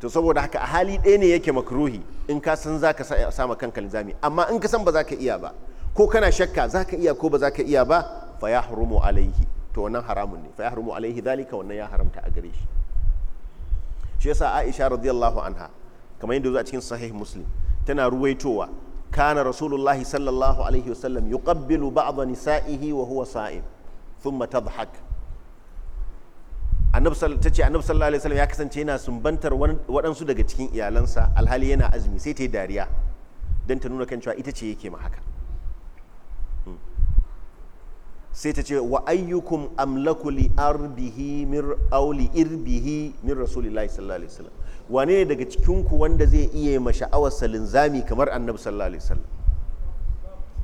to saboda haka a hali ɗaya ne yake makruhi in ka san za ka sa ma kanka linzami amma in ka san ba za ka iya ba ko kana shakka za ka iya ko ba za ka iya ba fa ya harumu alaihi to wannan haramun ne fa ya harumu alaihi zalika wannan ya haramta a gare shi shi yasa Aisha radiyallahu anha kamar yadda zuwa a cikin sahih Muslim tana ruwaitowa kana rasulullahi sallallahu alaihi wasallam yuqabbilu ba'd nisa'ihi wa huwa sa'im thumma tadhhak annabi sallallahu alaihi wasallam ya kasance yana sumbantar waɗansu daga cikin iyalansa alhali yana azumi sai ta yi dariya don ta nuna kan cewa ita ce yake ma haka hmm. sai ta ce wa ayyukum amlaku li arbihi min auli irbihi min rasulillahi sallallahu alaihi wasallam wane ne daga cikinku wanda zai iya masha'awar sha'awarsa linzami kamar annabi sallallahu alaihi wasallam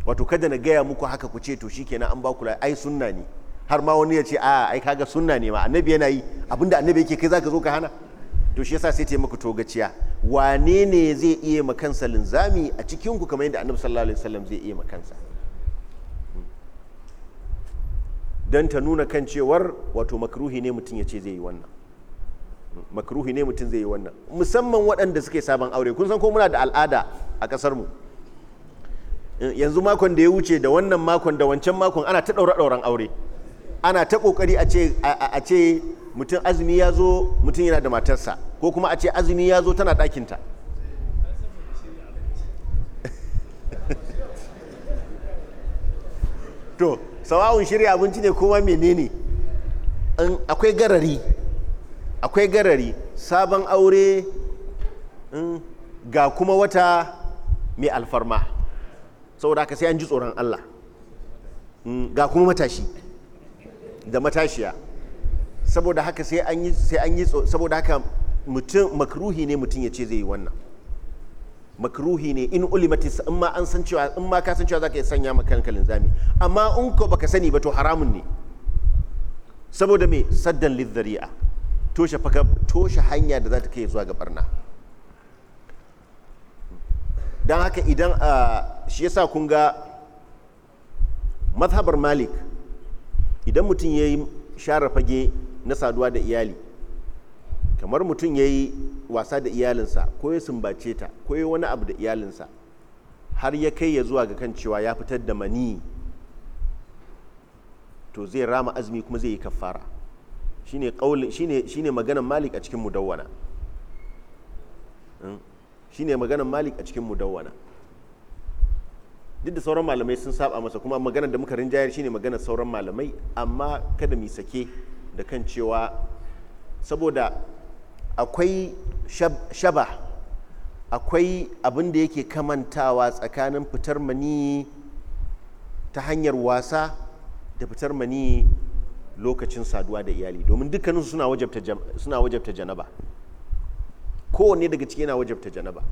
wato kada na gaya muku haka ku ce to shikenan an ba ku ai sunna ne har ma wani ya ce a ai kaga sunna ne ma annabi yana yi abinda annabi yake kai zaka zo ka hana to shi yasa sai ta yi to togaciya wane ne zai iya ma kansa linzami a cikinku kamar yadda annabi sallallahu alaihi wasallam zai iya ma kansa don ta nuna kan cewar wato makruhi ne mutum ya ce zai yi wannan makruhi ne mutum zai yi wannan musamman waɗanda suke sabon aure kun san ko muna da al'ada a ƙasar mu yanzu makon da ya wuce da wannan makon da wancan makon ana ta ɗaura ɗauran aure ana ta ƙoƙari a ce mutum azumi ya zo mutum yana da matarsa ko kuma a ce azumi ya zo tana ɗakinta to sawa'un shirya abinci ne kuma menene akwai garari akwai garari sabon aure mm, ga kuma wata mai alfarma saboda haka sai an ji tsoron Allah mm, ga kuma matashi da matashiya saboda haka sai an yi sai an yi saboda haka mutum makruhi ne mutum ya ce zai yi wannan makruhi ne in ulimatis in ma an san cewa in ma ka san cewa zaka yi sanya maka hankalin zami amma in ko baka sani ba to haramun ne saboda me saddan lidhari'a toshe faka toshe hanya da za ta kai zuwa ga barna don haka idan shi yasa kun ga mazhabar malik idan mutum ya yi share fage na saduwa da iyali kamar mutum ya yi wasa da iyalinsa ko ya sumbace ta ko ya wani abu da iyalinsa har ya kai ya zuwa ga kan cewa ya fitar da mani to zai rama azumi kuma zai yi kafara shine kaulin shine shine malik a cikin mudawwana hmm? shine maganar malik a cikin mudawwana duk da sauran malamai sun saba masa kuma maganar da muka rinjayar shine maganar sauran malamai amma kada mu sake da kan cewa saboda akwai shaba akwai abin da yake kamantawa tsakanin fitar mani ta hanyar wasa da fitar mani lokacin saduwa da iyali domin dukkanin suna wajabta janaba kowanne daga ciki yana wajabta janaba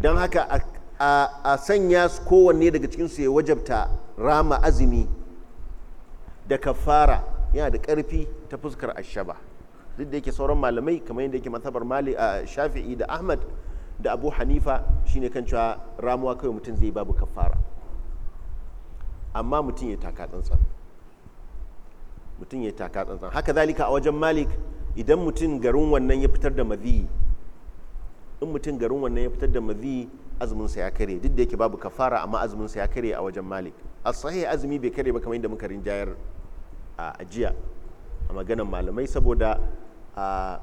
don haka a, sanya kowanne daga cikin su ya wajabta rama azumi da kafara yana da ƙarfi ta fuskar ashaba duk da yake sauran malamai kamar yadda yake matabar mali a shafi'i da ahmad da abu hanifa shine kan cewa ramuwa kawai mutum zai babu kafara amma mutum ya taka tsantsan mutum ya taka tsantsan haka zalika a wajen malik idan mutum garin wannan ya fitar da mazi in mutum garin wannan ya fitar da mazi azuminsa ya kare duk da yake babu kafara amma azuminsa ya kare a wajen malik a sahih azumi bai kare ba kamar yadda muka rinjayar a ajiya a maganan malamai saboda a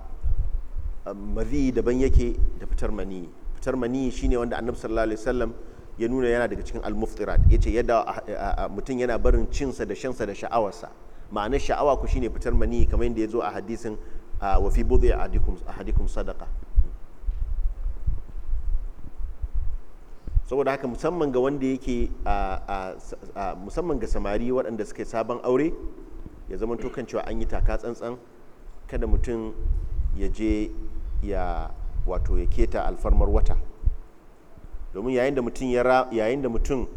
mazi daban yake da fitar mani fitar mani shine wanda annabi sallallahu alaihi wasallam ya nuna yana daga cikin al-muftirat ce yadda ah, ah, ah, mutum yana barin cinsa da shansa da sha'awarsa ma'anar sha'awa ku shine fitar mani kamar yadda ya zo a hadisin wa fi a ahadikum sadaqa saboda haka musamman ga wanda yake musamman ga samari waɗanda suke sabon aure ya zama tokan cewa an yi taka tsantsan kada mutum ya je ya wato ya keta alfarmar wata domin yayin da mutum ya yayin da mutum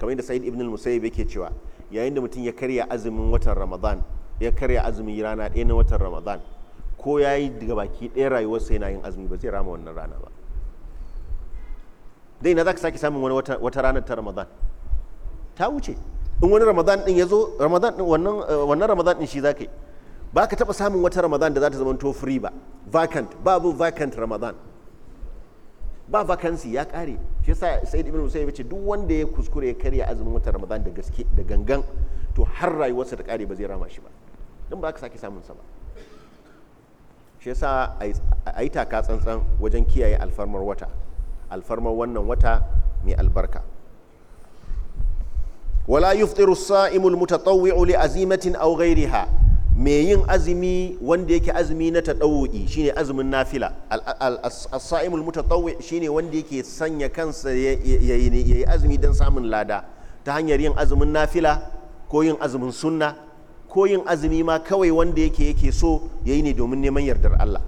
kamar yadda Sa'id ibn al-Musayyib yake cewa yayin da mutum ya karya azumin watan Ramadan ya karya azumin rana ɗaya na watan Ramadan ko yayi daga baki ɗaya sai yana yin azumi ba zai rama wannan rana ba dai na zaka sake samun wani wata ranar ta Ramadan ta wuce in wani Ramadan din ya zo Ramadan din wannan eh, wannan Ramadan din shi zaka yi ba ka taɓa samun wata Ramadan da za ta zama to free ba vacant babu vacant Ramadan ba vakansi ya kare shi yasa sayyid ibn musayyib ya ce duk wanda ya kuskure ya karya azumin watan ramadan da gaske da gangan to har rayuwarsa ta kare ba zai rama shi ba dan ba ka sake samun sa ba shi yasa a yi taka tsantsan wajen kiyaye alfarmar wata alfarmar wannan wata mai albarka wala yuftiru sa'imul mutatawwi'u li azimatin aw ghayriha mai yin azumi wanda yake azumi na taɗawo'i shine azumin nafila as-sa'imul mutatawwi shine wanda yake sanya kansa ya yi azumi don samun lada ta hanyar yin azumin nafila ko yin azumin sunna ko yin azumi ma kawai wanda yake yake so yi ne domin neman yardar Allah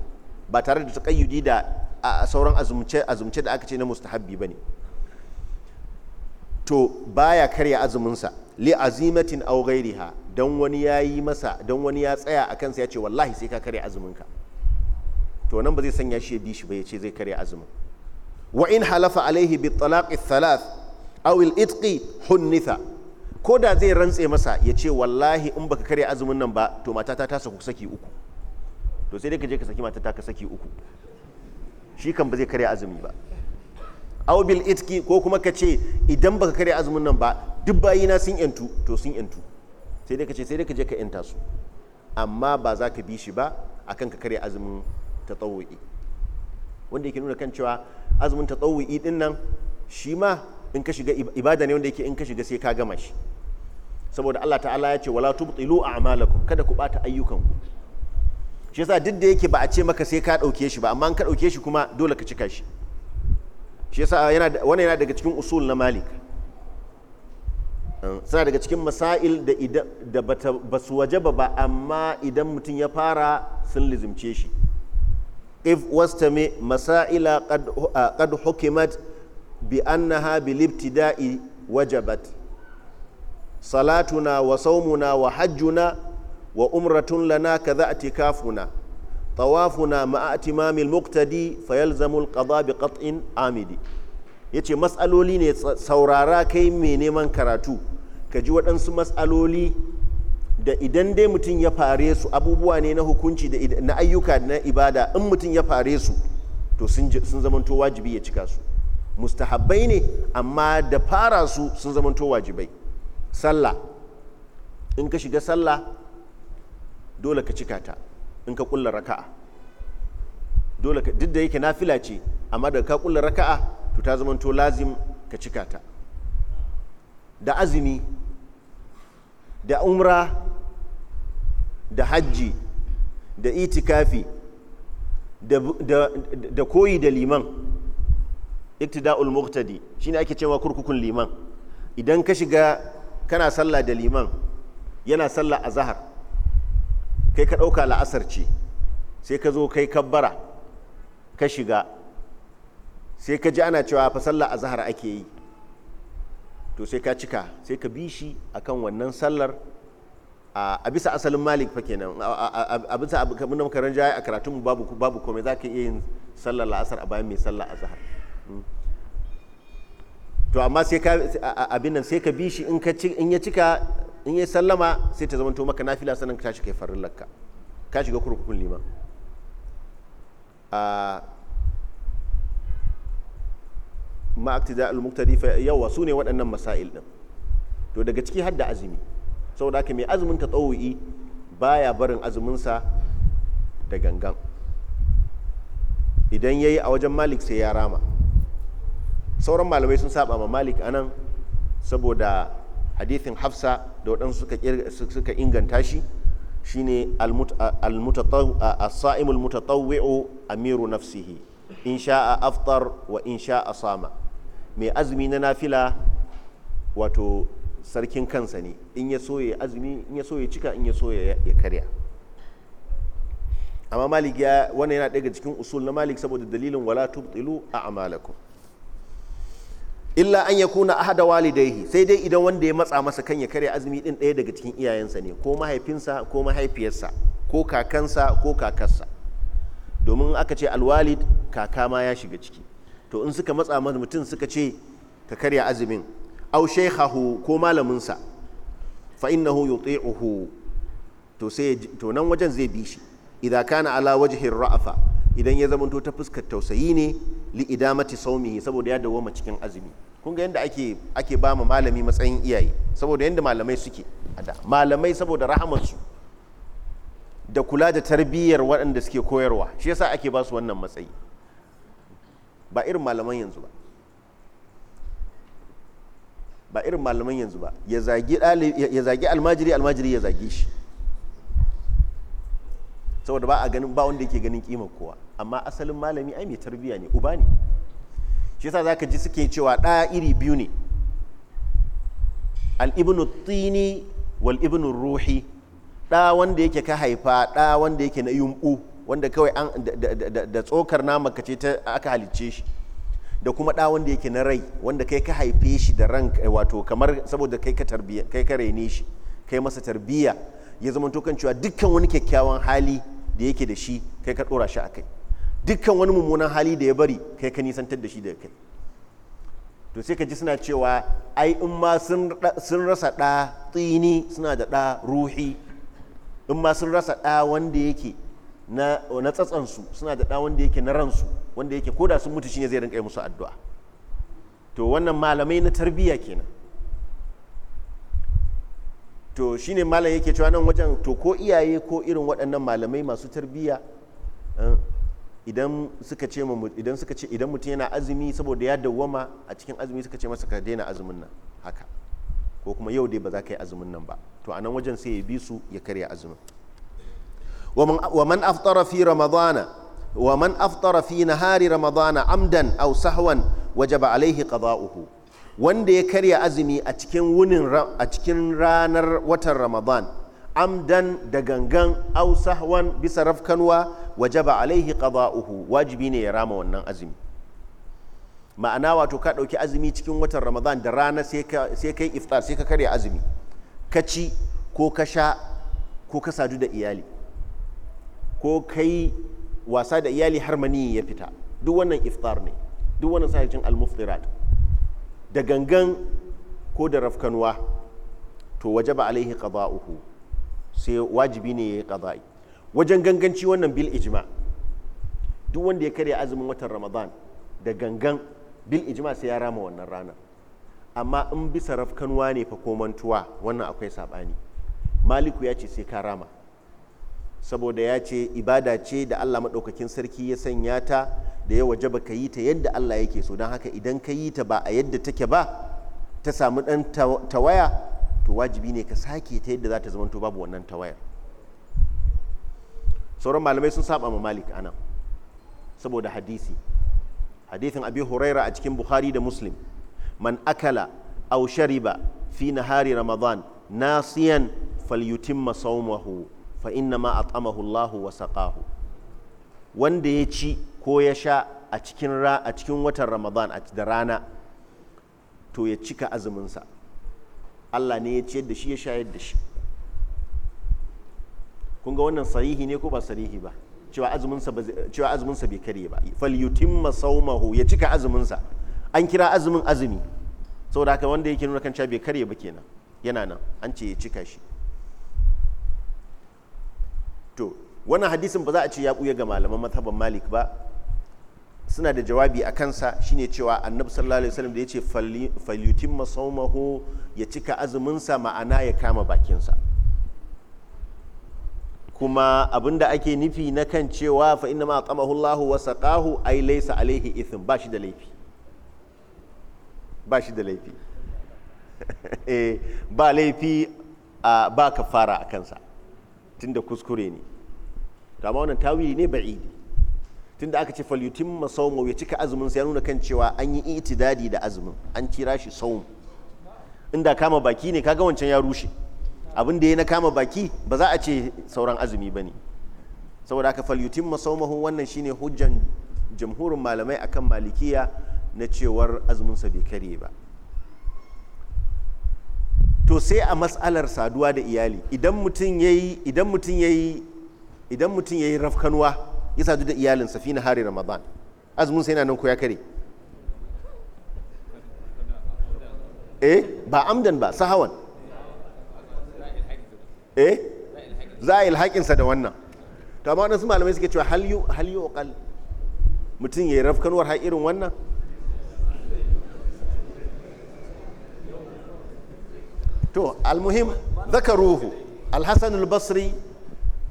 ba tare da taƙayyudi da sauran azumce da aka ce na mustahabbi ba ne to baya karya azuminsa li azimatin aw ghairiha don wani ya yi masa don wani ya tsaya a kansa ya ce wallahi sai ka karya azuminka to nan ba zai sanya shi ya bi shi ba ya ce zai karya azumin wa in halafa alaihi bi talaq thalath aw al itqi hunnitha ko da zai rantse masa ya ce wallahi in baka karya azumin nan ba to matata ta saku saki uku to sai dai ka je ka saki matata ka saki uku shi kan ba zai karya azumi ba aw bil itqi ko kuma ka ce idan baka karya azumin nan ba duk bayina sun yantu to sun yantu sai dai ka ce sai dai ka je ka yanta su amma ba za ka bi shi ba a kan ka karya azumin ta tsawo'i wanda yake nuna kan cewa azumin tsawo'i din nan shi ma in ka shiga ibada ne wanda yake in ka shiga sai ka gama shi saboda Allah ta'ala ya ce wala tubtilu a'malakum kada ku bata ayyukanku shi yasa duk da yake ba a ce maka sai ka dauke shi ba amma in ka dauke shi kuma dole ka cika shi shi yasa yana wannan yana daga cikin usul na Malik suna daga cikin masail da da ba waje ba amma idan mutum ya fara sun lizimce shi if wastami masaila qad hukimat bi annaha bil ibtida'i wajabat salatuna wa saumuna wa hajjuna wa umratun lana kaza atikafuna ma'atimamil مع اتمام المقتدي فيلزم bi بقطع amidi ya ce matsaloli ne saurara kai mai neman karatu ka ji waɗansu matsaloli da idan dai mutum ya fare su abubuwa ne na hukunci da na ayyuka na ibada in mutum ya fare su to sun zamanto wajibi ya cika su mustahabbai ne amma da fara su sun zamanto wajibai sallah in ka shiga sallah dole ka cika ta in ka kulla raka'a duk da yake nafila ce amma da ka kulla raka'a to ta zama to lazim ka cika ta da azumi da umra da hajji da itikafi da, koyi da liman iktida'ul muqtadi shine ake cewa kurkukun liman idan ka shiga kana sallah da liman yana sallah a zahar kai ka ɗauka la'asar ce sai ka zo kai kabbara ka shiga sai ka ji ana cewa fa sallar azhar ake yi to sai ka cika sai ka bi shi akan wannan sallar a bisa asalin malik fa kenan a bisa abin da makaran jaya a karatunmu babu babu komai za ka iya yin sallar la'asar a bayan mai sallar azhar hmm. to amma sai ka abin nan sai ka bi shi in ka in ya cika in ya sallama sai ta zamanto maka nafila sannan ka tashi farin lakka ka shiga kurkukun liman ma da al muqtadi fa yawa su ne waɗannan masail din to daga ciki hadda azumi saboda haka mai azumin tatawu'i baya barin azumin sa da gangan idan yayi a wajen malik sai ya rama sauran malamai sun saba ma malik anan saboda hadithin hafsa da waɗansu suka inganta shi shine as-sa'imul amiru nafsihi in sha'a aftar wa in sha'a sama mai azumi na nafila wato sarkin kansa ne in ya so azumi in ya so cika in ya so ya karya amma malik ya wannan yana daga cikin usul na malik saboda dalilin wala tubtilu a amalakum illa an ya kuna ahada walidaihi sai dai idan wanda ya matsa masa kan ya karya azumi din daya daga cikin iyayensa ne ko mahaifinsa ko mahaifiyarsa ko kakansa ko kakarsa domin aka ce alwalid kaka ma ya shiga ciki to in suka matsa masa mutum suka ce ka karya azumin au shaykhahu ko malaminsa fa innahu yuti'uhu to sai to nan wajen zai bi shi idza kana ala wajhi ra'afa idan ya zamanto ta fuskar tausayi ne li idamati saumi saboda ya ma cikin azumi kun ga yadda ake ake ba mu malami matsayin iyaye saboda yadda malamai suke malamai saboda rahamarsu da kula da tarbiyyar waɗanda suke koyarwa shi yasa ake ba su wannan matsayi ba irin malaman yanzu ba ba irin malaman yanzu ba ya zagi almajiri almajiri ya zage shi saboda ba a ganin ba wanda yake ganin kimar kowa amma asalin malami ai mai tarbiya ne uba ne shi yasa zaka ji suke cewa ɗaya iri biyu ne al-ibnu tini wal ibnu ruhi ɗa wanda yake ka haifa ɗa wanda yake na yumbu wanda kawai an da tsokar naman ka ce ta aka halicce shi da kuma ɗa wanda yake na rai wanda kai ka haife shi da ran eh, wato kamar saboda kai ka tarbiya kai ka raine shi kai masa tarbiya ya zama to kan cewa dukkan wani kyakkyawan hali da yake da shi kai ka ɗora shi a dukkan wani mummunan hali da ya bari kai ka nisantar da shi daga kai to sai ka ji suna cewa ai in ma sun rasa ɗa tsini suna da ɗa ruhi in ma sun rasa ɗa wanda yake na tsatsansu suna da ɗa wanda yake na ransu wanda yake koda sun mutu shine zai rinka yi musu addu'a to wannan malamai na tarbiyya kenan to shine malam yake cewa nan wajen to ko iyaye ko irin waɗannan malamai masu tarbiyya eh, idan suka ce idan suka ce idan mutum yana azumi saboda ya dawwama a cikin azumi suka ce masa ka daina azumin nan haka ko kuma yau dai ba za ka yi azumin nan ba to a nan wajen sai ya bi su ya karya azumin wa man na hari ramadana amdan aw sahwan wajaba alaihi wanda ya karya azumi a cikin wunin a cikin ranar watan ramadan amdan da gangan au sahwan bisa rafkanwa wajaba alaihi qada'uhu wajibi ne ya rama wannan azumi ma'ana wato ka ɗauki azumi cikin watan ramadan da rana sai kai iftar sai ka karya azumi ka ci ko ka sha ko ka sadu da iyali ko kai wasa da iyali har mani ya fita duk wannan iftar ne duk wannan sa cikin da gangan ko da rafkanwa to waje ba alaihi qada'uhu sai wajibi ne ya yi qada'i wajen ganganci wannan bil ijma duk wanda ya karya azumin watan ramadan da gangan bil ijma sai ya rama wannan rana amma in bisa rafkanwa ne fa ko mantuwa wannan akwai sabani maliku ya ce sai ka rama saboda ya ce ibada ce da Allah maɗaukakin sarki ya sanya ta da ya waje ka yi ta yadda Allah yake so don haka idan ka yi ta ba a yadda take ba ta samu ɗan tawaya to wajibi ne ka sake ta yadda za ta zamanto babu wannan tawayar sauran malamai sun saba ma malik anan saboda hadisi hadisin abi huraira a cikin bukhari da muslim man akala aw shariba fi nahari ramadan nasiyan falyutimma sawmahu fa inna ma at'amahu Allahu wa saqahu wanda ya ci ko ya sha a cikin a cikin watan Ramadan da rana to ya cika azumin sa Allah ne ya ci yadda shi ya sha yadda shi kun ga wannan sarihi ne ko ba sarihi ba cewa azumin sa bai karye ba fal yutimma sawmahu ya cika azumin sa an kira azumin azumi saboda haka wanda yake nuna kan cewa bai karye ba kenan yana nan an ce ya cika shi to wannan hadisin ba za a ce ya buya ga malaman mazhaban malik ba suna da jawabi a kansa shine cewa annabi sallallahu alaihi wasallam da yace falyutimma sawmahu ya cika azuminsa ma'ana ya kama bakinsa kuma abinda ake nufi na kan cewa fa inna ma qamahu Allahu wa saqahu ai laysa alaihi ithm ba shi da laifi ba shi da laifi eh ba laifi ba kafara a kansa tunda kuskure ne amma wannan tawili ne ba'idi tunda aka ce falyutin sawmu ya cika azumin sa ya nuna kan cewa an yi itidadi da azumin an kira shi sawm inda kama baki ne kaga wancan ya rushe abin da ya na kama baki ba za a ce sauran azumi ba ne saboda aka falutin sawmahu wannan shine hujjan jamhurin malamai akan malikiya na cewar azumin sa bai kare ba to sai a matsalar saduwa da iyali idan mutum yi idan mutum yi idan mutum yi rafkanuwa ya sadu da safi na hari ramadan azumin sai yana nan ko ya kare eh ba amdan ba sahawan eh za a sa da wannan to amma waɗansu malamai suke cewa hal yu hal yi mutum ya yi rafkanuwar har irin wannan to almuhim zakaruhu alhassan albasri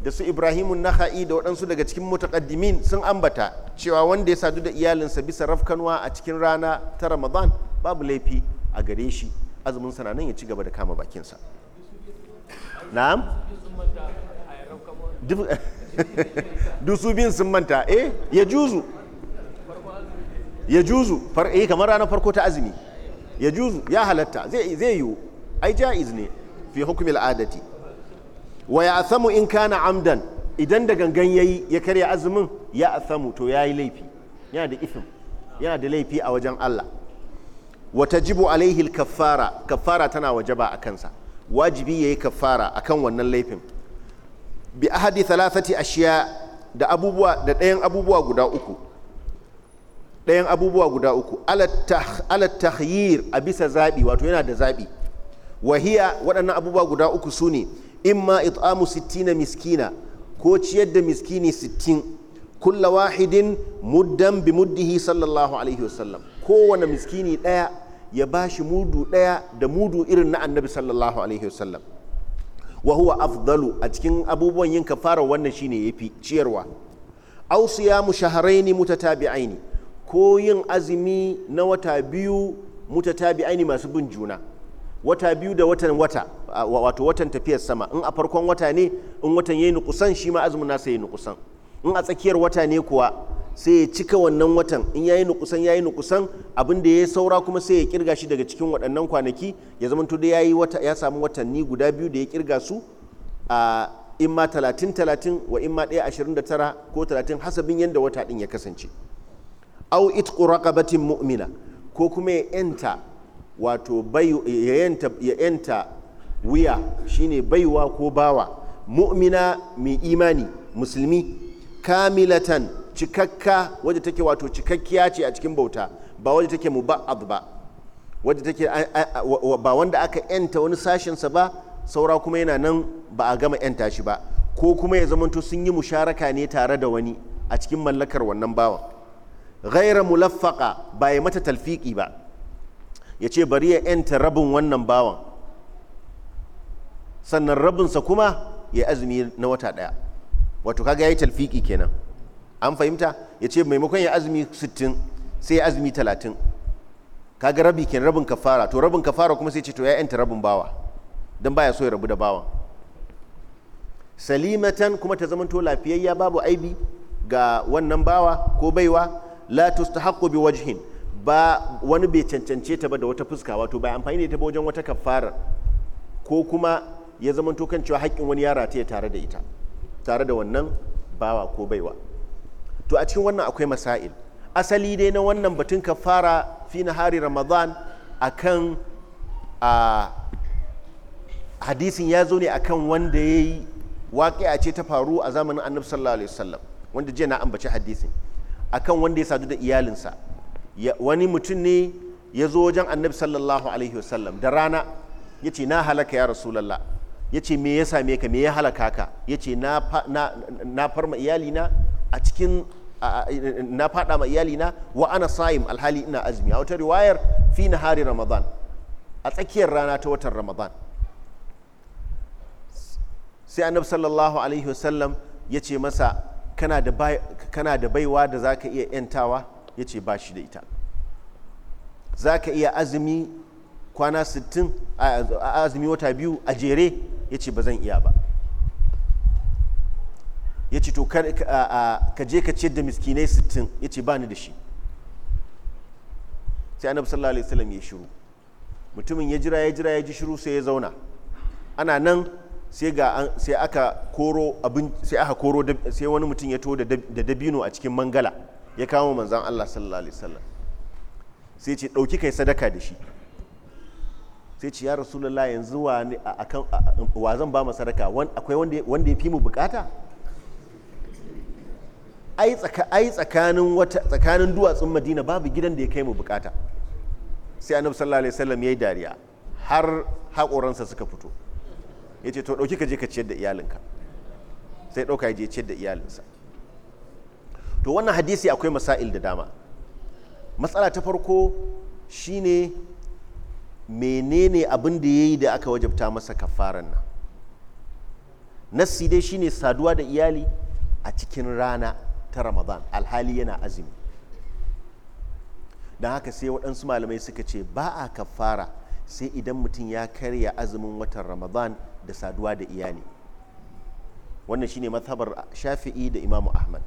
da su ibrahimun naha'i da waɗansu daga cikin mutaƙaddimin sun ambata cewa wanda ya sadu da iyalinsa bisa rafkanwa a cikin rana ta ramadan babu laifi a gare shi azumin sana nan ya ci gaba da kama bakinsa na'am dusu biyun sun manta eh ya juzu ya juzu eh, kamar ranar farko ta azumi ya juzu ya halatta zai yiwu ai ja'iz ne fi hukumil adati wa ya asamu in kana amdan idan da gangan yayi ya karya azumin ya asamu to yayi laifi yana da ifin yana da laifi a wajen Allah wa tajibu alaihi kaffara kaffara tana wajaba a kansa wajibi yayi kaffara akan wannan laifin bi ahadi thalathati ashiya da abubuwa da ɗayan abubuwa guda uku ɗayan abubuwa guda uku ala tahyir a bisa zaɓi wato yana da zaɓi wahiya waɗannan abubuwa guda uku su ne imma it'amu sittina miskina ko ciyar da miskini sittin kulla wahidin muddan bi muddihi sallallahu alaihi wasallam kowane miskini ɗaya ya ba shi mudu ɗaya da mudu irin na annabi sallallahu alaihi wasallam wa huwa afdalu a cikin abubuwan yin kafara wannan shine yafi ciyarwa aw siyamu shahraini mutatabi'aini ko yin azumi na wata biyu mutatabi'aini masu bin juna wata biyu da watan wata wato watan tafiyar sama in a farkon wata ne in watan yayi nukusan shi ma azumin nasa yayi nukusan in a tsakiyar wata ne kuwa sai ya cika wannan watan in yayi nukusan yayi nukusan abin da ya saura kuma sai ya kirga shi daga cikin waɗannan kwanaki ya zama to da yayi wata ya samu watanni guda biyu da ya kirga su a in ma 30 30 wa in ma 29 ko 30 hasabin yadda wata din ya kasance au itqu raqabatin mu'mina ko kuma ya yanta wato ya yanta wuya shine baiwa ko bawa mu'mina mai imani musulmi kamilatan cikakka wadda take wato cikakkiya ce a cikin bauta ba wadda take muba'ad ba wadda take ba wanda aka yanta wani sashensa ba saura kuma yana nan ba a gama yanta shi ba ko kuma ya zamanto sun yi musharaka ne tare da wani a cikin mallakar wannan bawan ghaira mulaffaqa ba ya mata talfiki ba ya ce bari ya yanta rabin wannan bawan sannan rabinsa kuma ya azumi na wata ɗaya wato kaga ya yi talfiki kenan an fahimta ya ce maimakon ya azumi 60 sai ya azumi 30 kaga rabi kenan rabin kafara to rabin kafara kuma sai ce to ya yanta rabin bawa don baya so ya rabu da bawan salimatan kuma ta zamanto lafiyayya babu aibi ga wannan bawa ko baiwa la tustahaqqu bi wajhin ba wani bai cancance ta ba da wata fuska wato bai amfani da ita ba wajen wata kafara ko kuma ya zama tokan cewa haƙƙin wani yara ta tare da ita tare da wannan bawa ko baiwa to a cikin wannan akwai masail asali dai na wannan batun kafara fi na hari ramadan a a hadisin ya zo ne kan wanda ya yi a ce ta faru a zamanin annabi sallallahu alaihi wasallam wanda jiya na ambaci hadisin a kan wanda ya sadu da iyalinsa wani mutum ne ya zo wajen annabi sallallahu alaihi wasallam da rana ya ce na halaka ya rasulallah ya ce me ya same ka me ya halaka ka ya ce na farma iyalina a cikin na fada ma iyalina wa ana sa'im alhali ina azumi a wata riwayar fi na hari ramadan a tsakiyar rana ta watan ramadan sai annabi sallallahu alaihi wasallam ya ce masa kana da baiwa da za ka iya 'yantawa ya ce ba shi da ita za ka iya azumi kwana 60 a azumi wata biyu a jere ya ce ba zan iya ba ya ce to ka je ka ciyar da miskinai 60 ya ce ba ni da shi sai annabi sallallahu alaihi wasallam ya shiru mutumin ya jira ya jira ya ji shiru sai ya zauna ana nan sai ga sai aka koro abin sai aka koro sai wani mutum ya to da dabino a cikin mangala ya kama manzan Allah sallallahu alaihi wasallam sai ce dauki kai sadaka da shi sai ce ya rasulullah yanzu wa ne akan wa zan ba mu sadaka akwai wanda wanda ya fi mu bukata ai tsaka ai tsakanin wata tsakanin duwatsun Madina babu gidan da ya kai mu bukata sai annabi sallallahu alaihi wasallam yayi dariya har haƙoransa suka fito yace to dauki ka je ka ciyar da iyalinka sai dauka ya je ciyar da iyalinsa to wannan hadisi akwai masail da dama matsala ta farko shine menene abin da ya yi da aka wajabta masa kafaran nan nassi dai shine saduwa da iyali a cikin rana ta ramadan alhali yana azumi don haka sai waɗansu malamai suka ce ba a kafara sai idan mutum ya karya azumin watan ramadan da saduwa da iyali wannan shine mazhabar shafi'i da imamu ahmad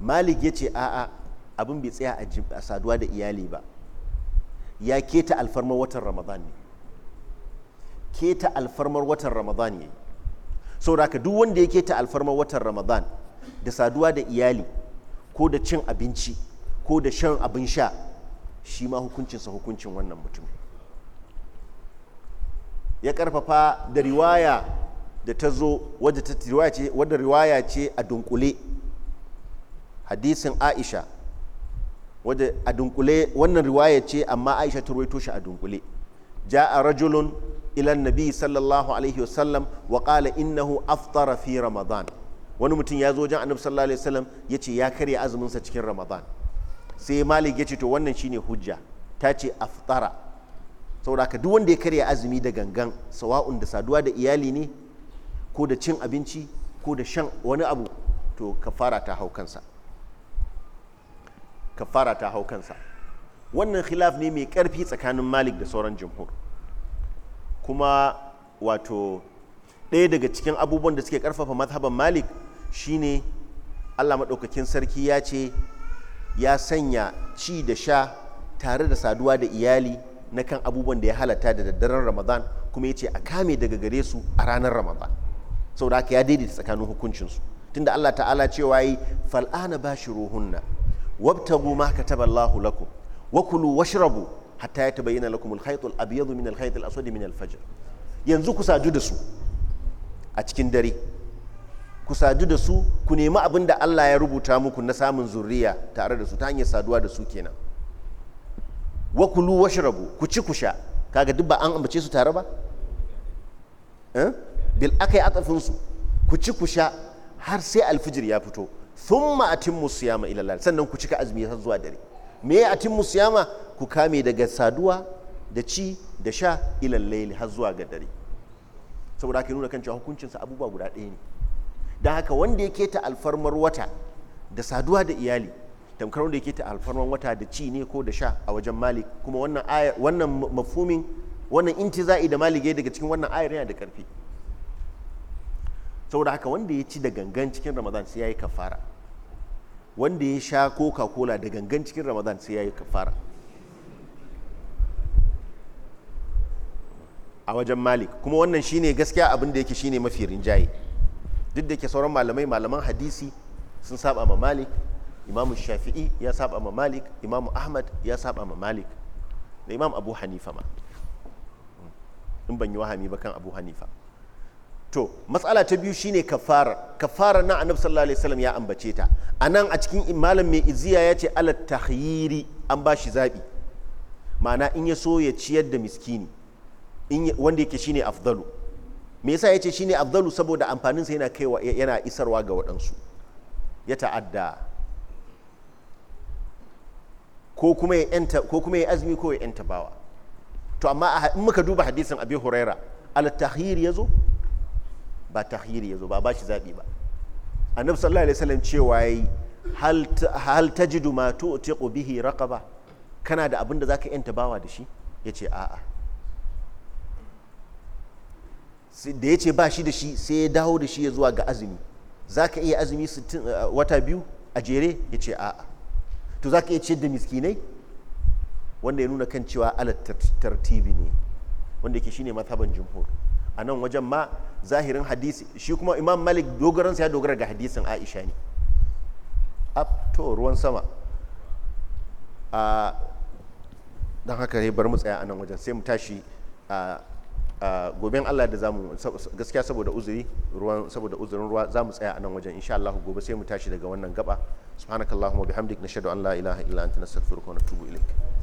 malik ya ce a'a abin bai tsaya a saduwa da iyali ba ya keta alfarmar watan ramadan ne keta alfarmar watan ramadan ne saboda duk wanda ya keta alfarmar watan ramadan da saduwa da iyali ko da cin abinci ko da shan abin sha shi ma hukuncinsa hukuncin wannan mutum ya karfafa da riwaya da ta zo wadda riwaya ce a dunkule hadisin aisha wadda a dunkule wannan riwaya ce amma aisha ta ruwaito shi a dunkule ja a rajulun ilan nabi sallallahu alaihi wasallam wa qala innahu aftara fi ramadan wani mutum ya zo jan annabi sallallahu alaihi wasallam ya ce ya karya azumin cikin ramadan sai malik ya ce to wannan shine hujja ta ce aftara saboda ka duk wanda ya karya azumi da gangan sawa'un da saduwa da iyali ne ko da cin abinci ko da shan wani abu to ka fara ta hau kansa kafara ta hau kansa wannan khilaf ne mai karfi tsakanin malik da sauran jamhur kuma wato ɗaya daga cikin abubuwan da suke karfafa mazhaban malik shine allah maɗaukakin sarki ya ce ya sanya ci da sha tare da saduwa da iyali na kan abubuwan da ya halatta da daddaren ramadan kuma ya ce a kame daga gare su a ranar ramadan saboda haka ya daidaita tsakanin hukuncinsu tunda allah ta'ala cewa yi fal'ana ba shi ruhunna wabtagu ma kataba Allahu lakum wa kulu washrabu hatta yatabayyana lakum al-khayt al-abyad min al-khayt al-aswad min yanzu ku sadu da su a cikin dare ku sadu da su ku nemi abin da Allah ya rubuta muku na samun zurriya tare da su ta hanyar saduwa da su kenan wa kulu washrabu ku ci ku sha kaga duk ba an ambace su tare ba eh? bil akai atafin su ku ci ku sha har sai alfijir ya fito thumma atimmu siyama ila lal sannan ku cika azumi har zuwa dare me ya atimmu siyama ku kame daga saduwa da ci da sha ila har zuwa ga dare saboda haka nuna kan cewa hukuncinsa abubuwa guda ɗaya ne dan haka wanda ya ta alfarmar wata da saduwa da iyali tamkar wanda ya ta alfarmar wata da ci ne ko da sha a wajen malik kuma wannan aya wannan mafhumin wannan intiza'i da malik daga cikin wannan ayar yana da karfi saboda haka wanda ya ci da gangan cikin ramadan sai ya yi kafara wanda ya sha coca cola da gangan cikin ramadan sai ya yi kafara a wajen malik kuma wannan shine gaskiya abin da yake shine mafi rinjaye duk da ke sauran malamai malaman hadisi sun saba ma malik imam shafi'i ya saba ma malik imam ahmad ya saba ma malik da imam abu hanifa ma in ban yi wahami ba kan abu hanifa to matsala ta biyu shine kafara kafara na annabi sallallahu alaihi wasallam ya ambace ta anan a cikin malam mai iziya ya ce ala tahyiri an ba shi zabi ma'ana in ya so ya ciyar da miskini wanda yake shine afdalu me yasa ya ce shine afdalu saboda amfaninsa yana kaiwa yana isarwa ga waɗansu ya ta'adda ko kuma ya yanta ko kuma ya azumi ko ya yanta bawa to amma in muka duba hadisin abi huraira al tahyir yazo ba tahiri zo ba bashi zaɓi ba annabi sallallahu alaihi wasallam cewa yayi hal ta tajidu ma tu'tiqu bihi raqaba kana da abin da zaka yanta bawa da shi yace a'a da yace ba shi da shi sai ya dawo da shi ya zuwa ga azumi zaka iya azumi eh, wata biyu a jere yace a'a to zaka iya ciyar da miskinai wanda ya nuna kan cewa alat tartibi ne wanda yake shine mazhaban jumhur a nan wajen ma zahirin hadisi shi kuma imam malik dogaransa ya dogara ga hadisin aisha ne to ruwan sama a don haka ne bar mu tsaya a nan wajen sai mu tashi a goben allah da zamu gaskiya saboda uzuri ruwan saboda uzurin ruwa zamu tsaya a nan wajen insha allahu gobe sai mu tashi daga wannan gaba subhanakallahumma bihamdik nashhadu an la ilaha illa anta nastaghfiruka wa natubu ilaik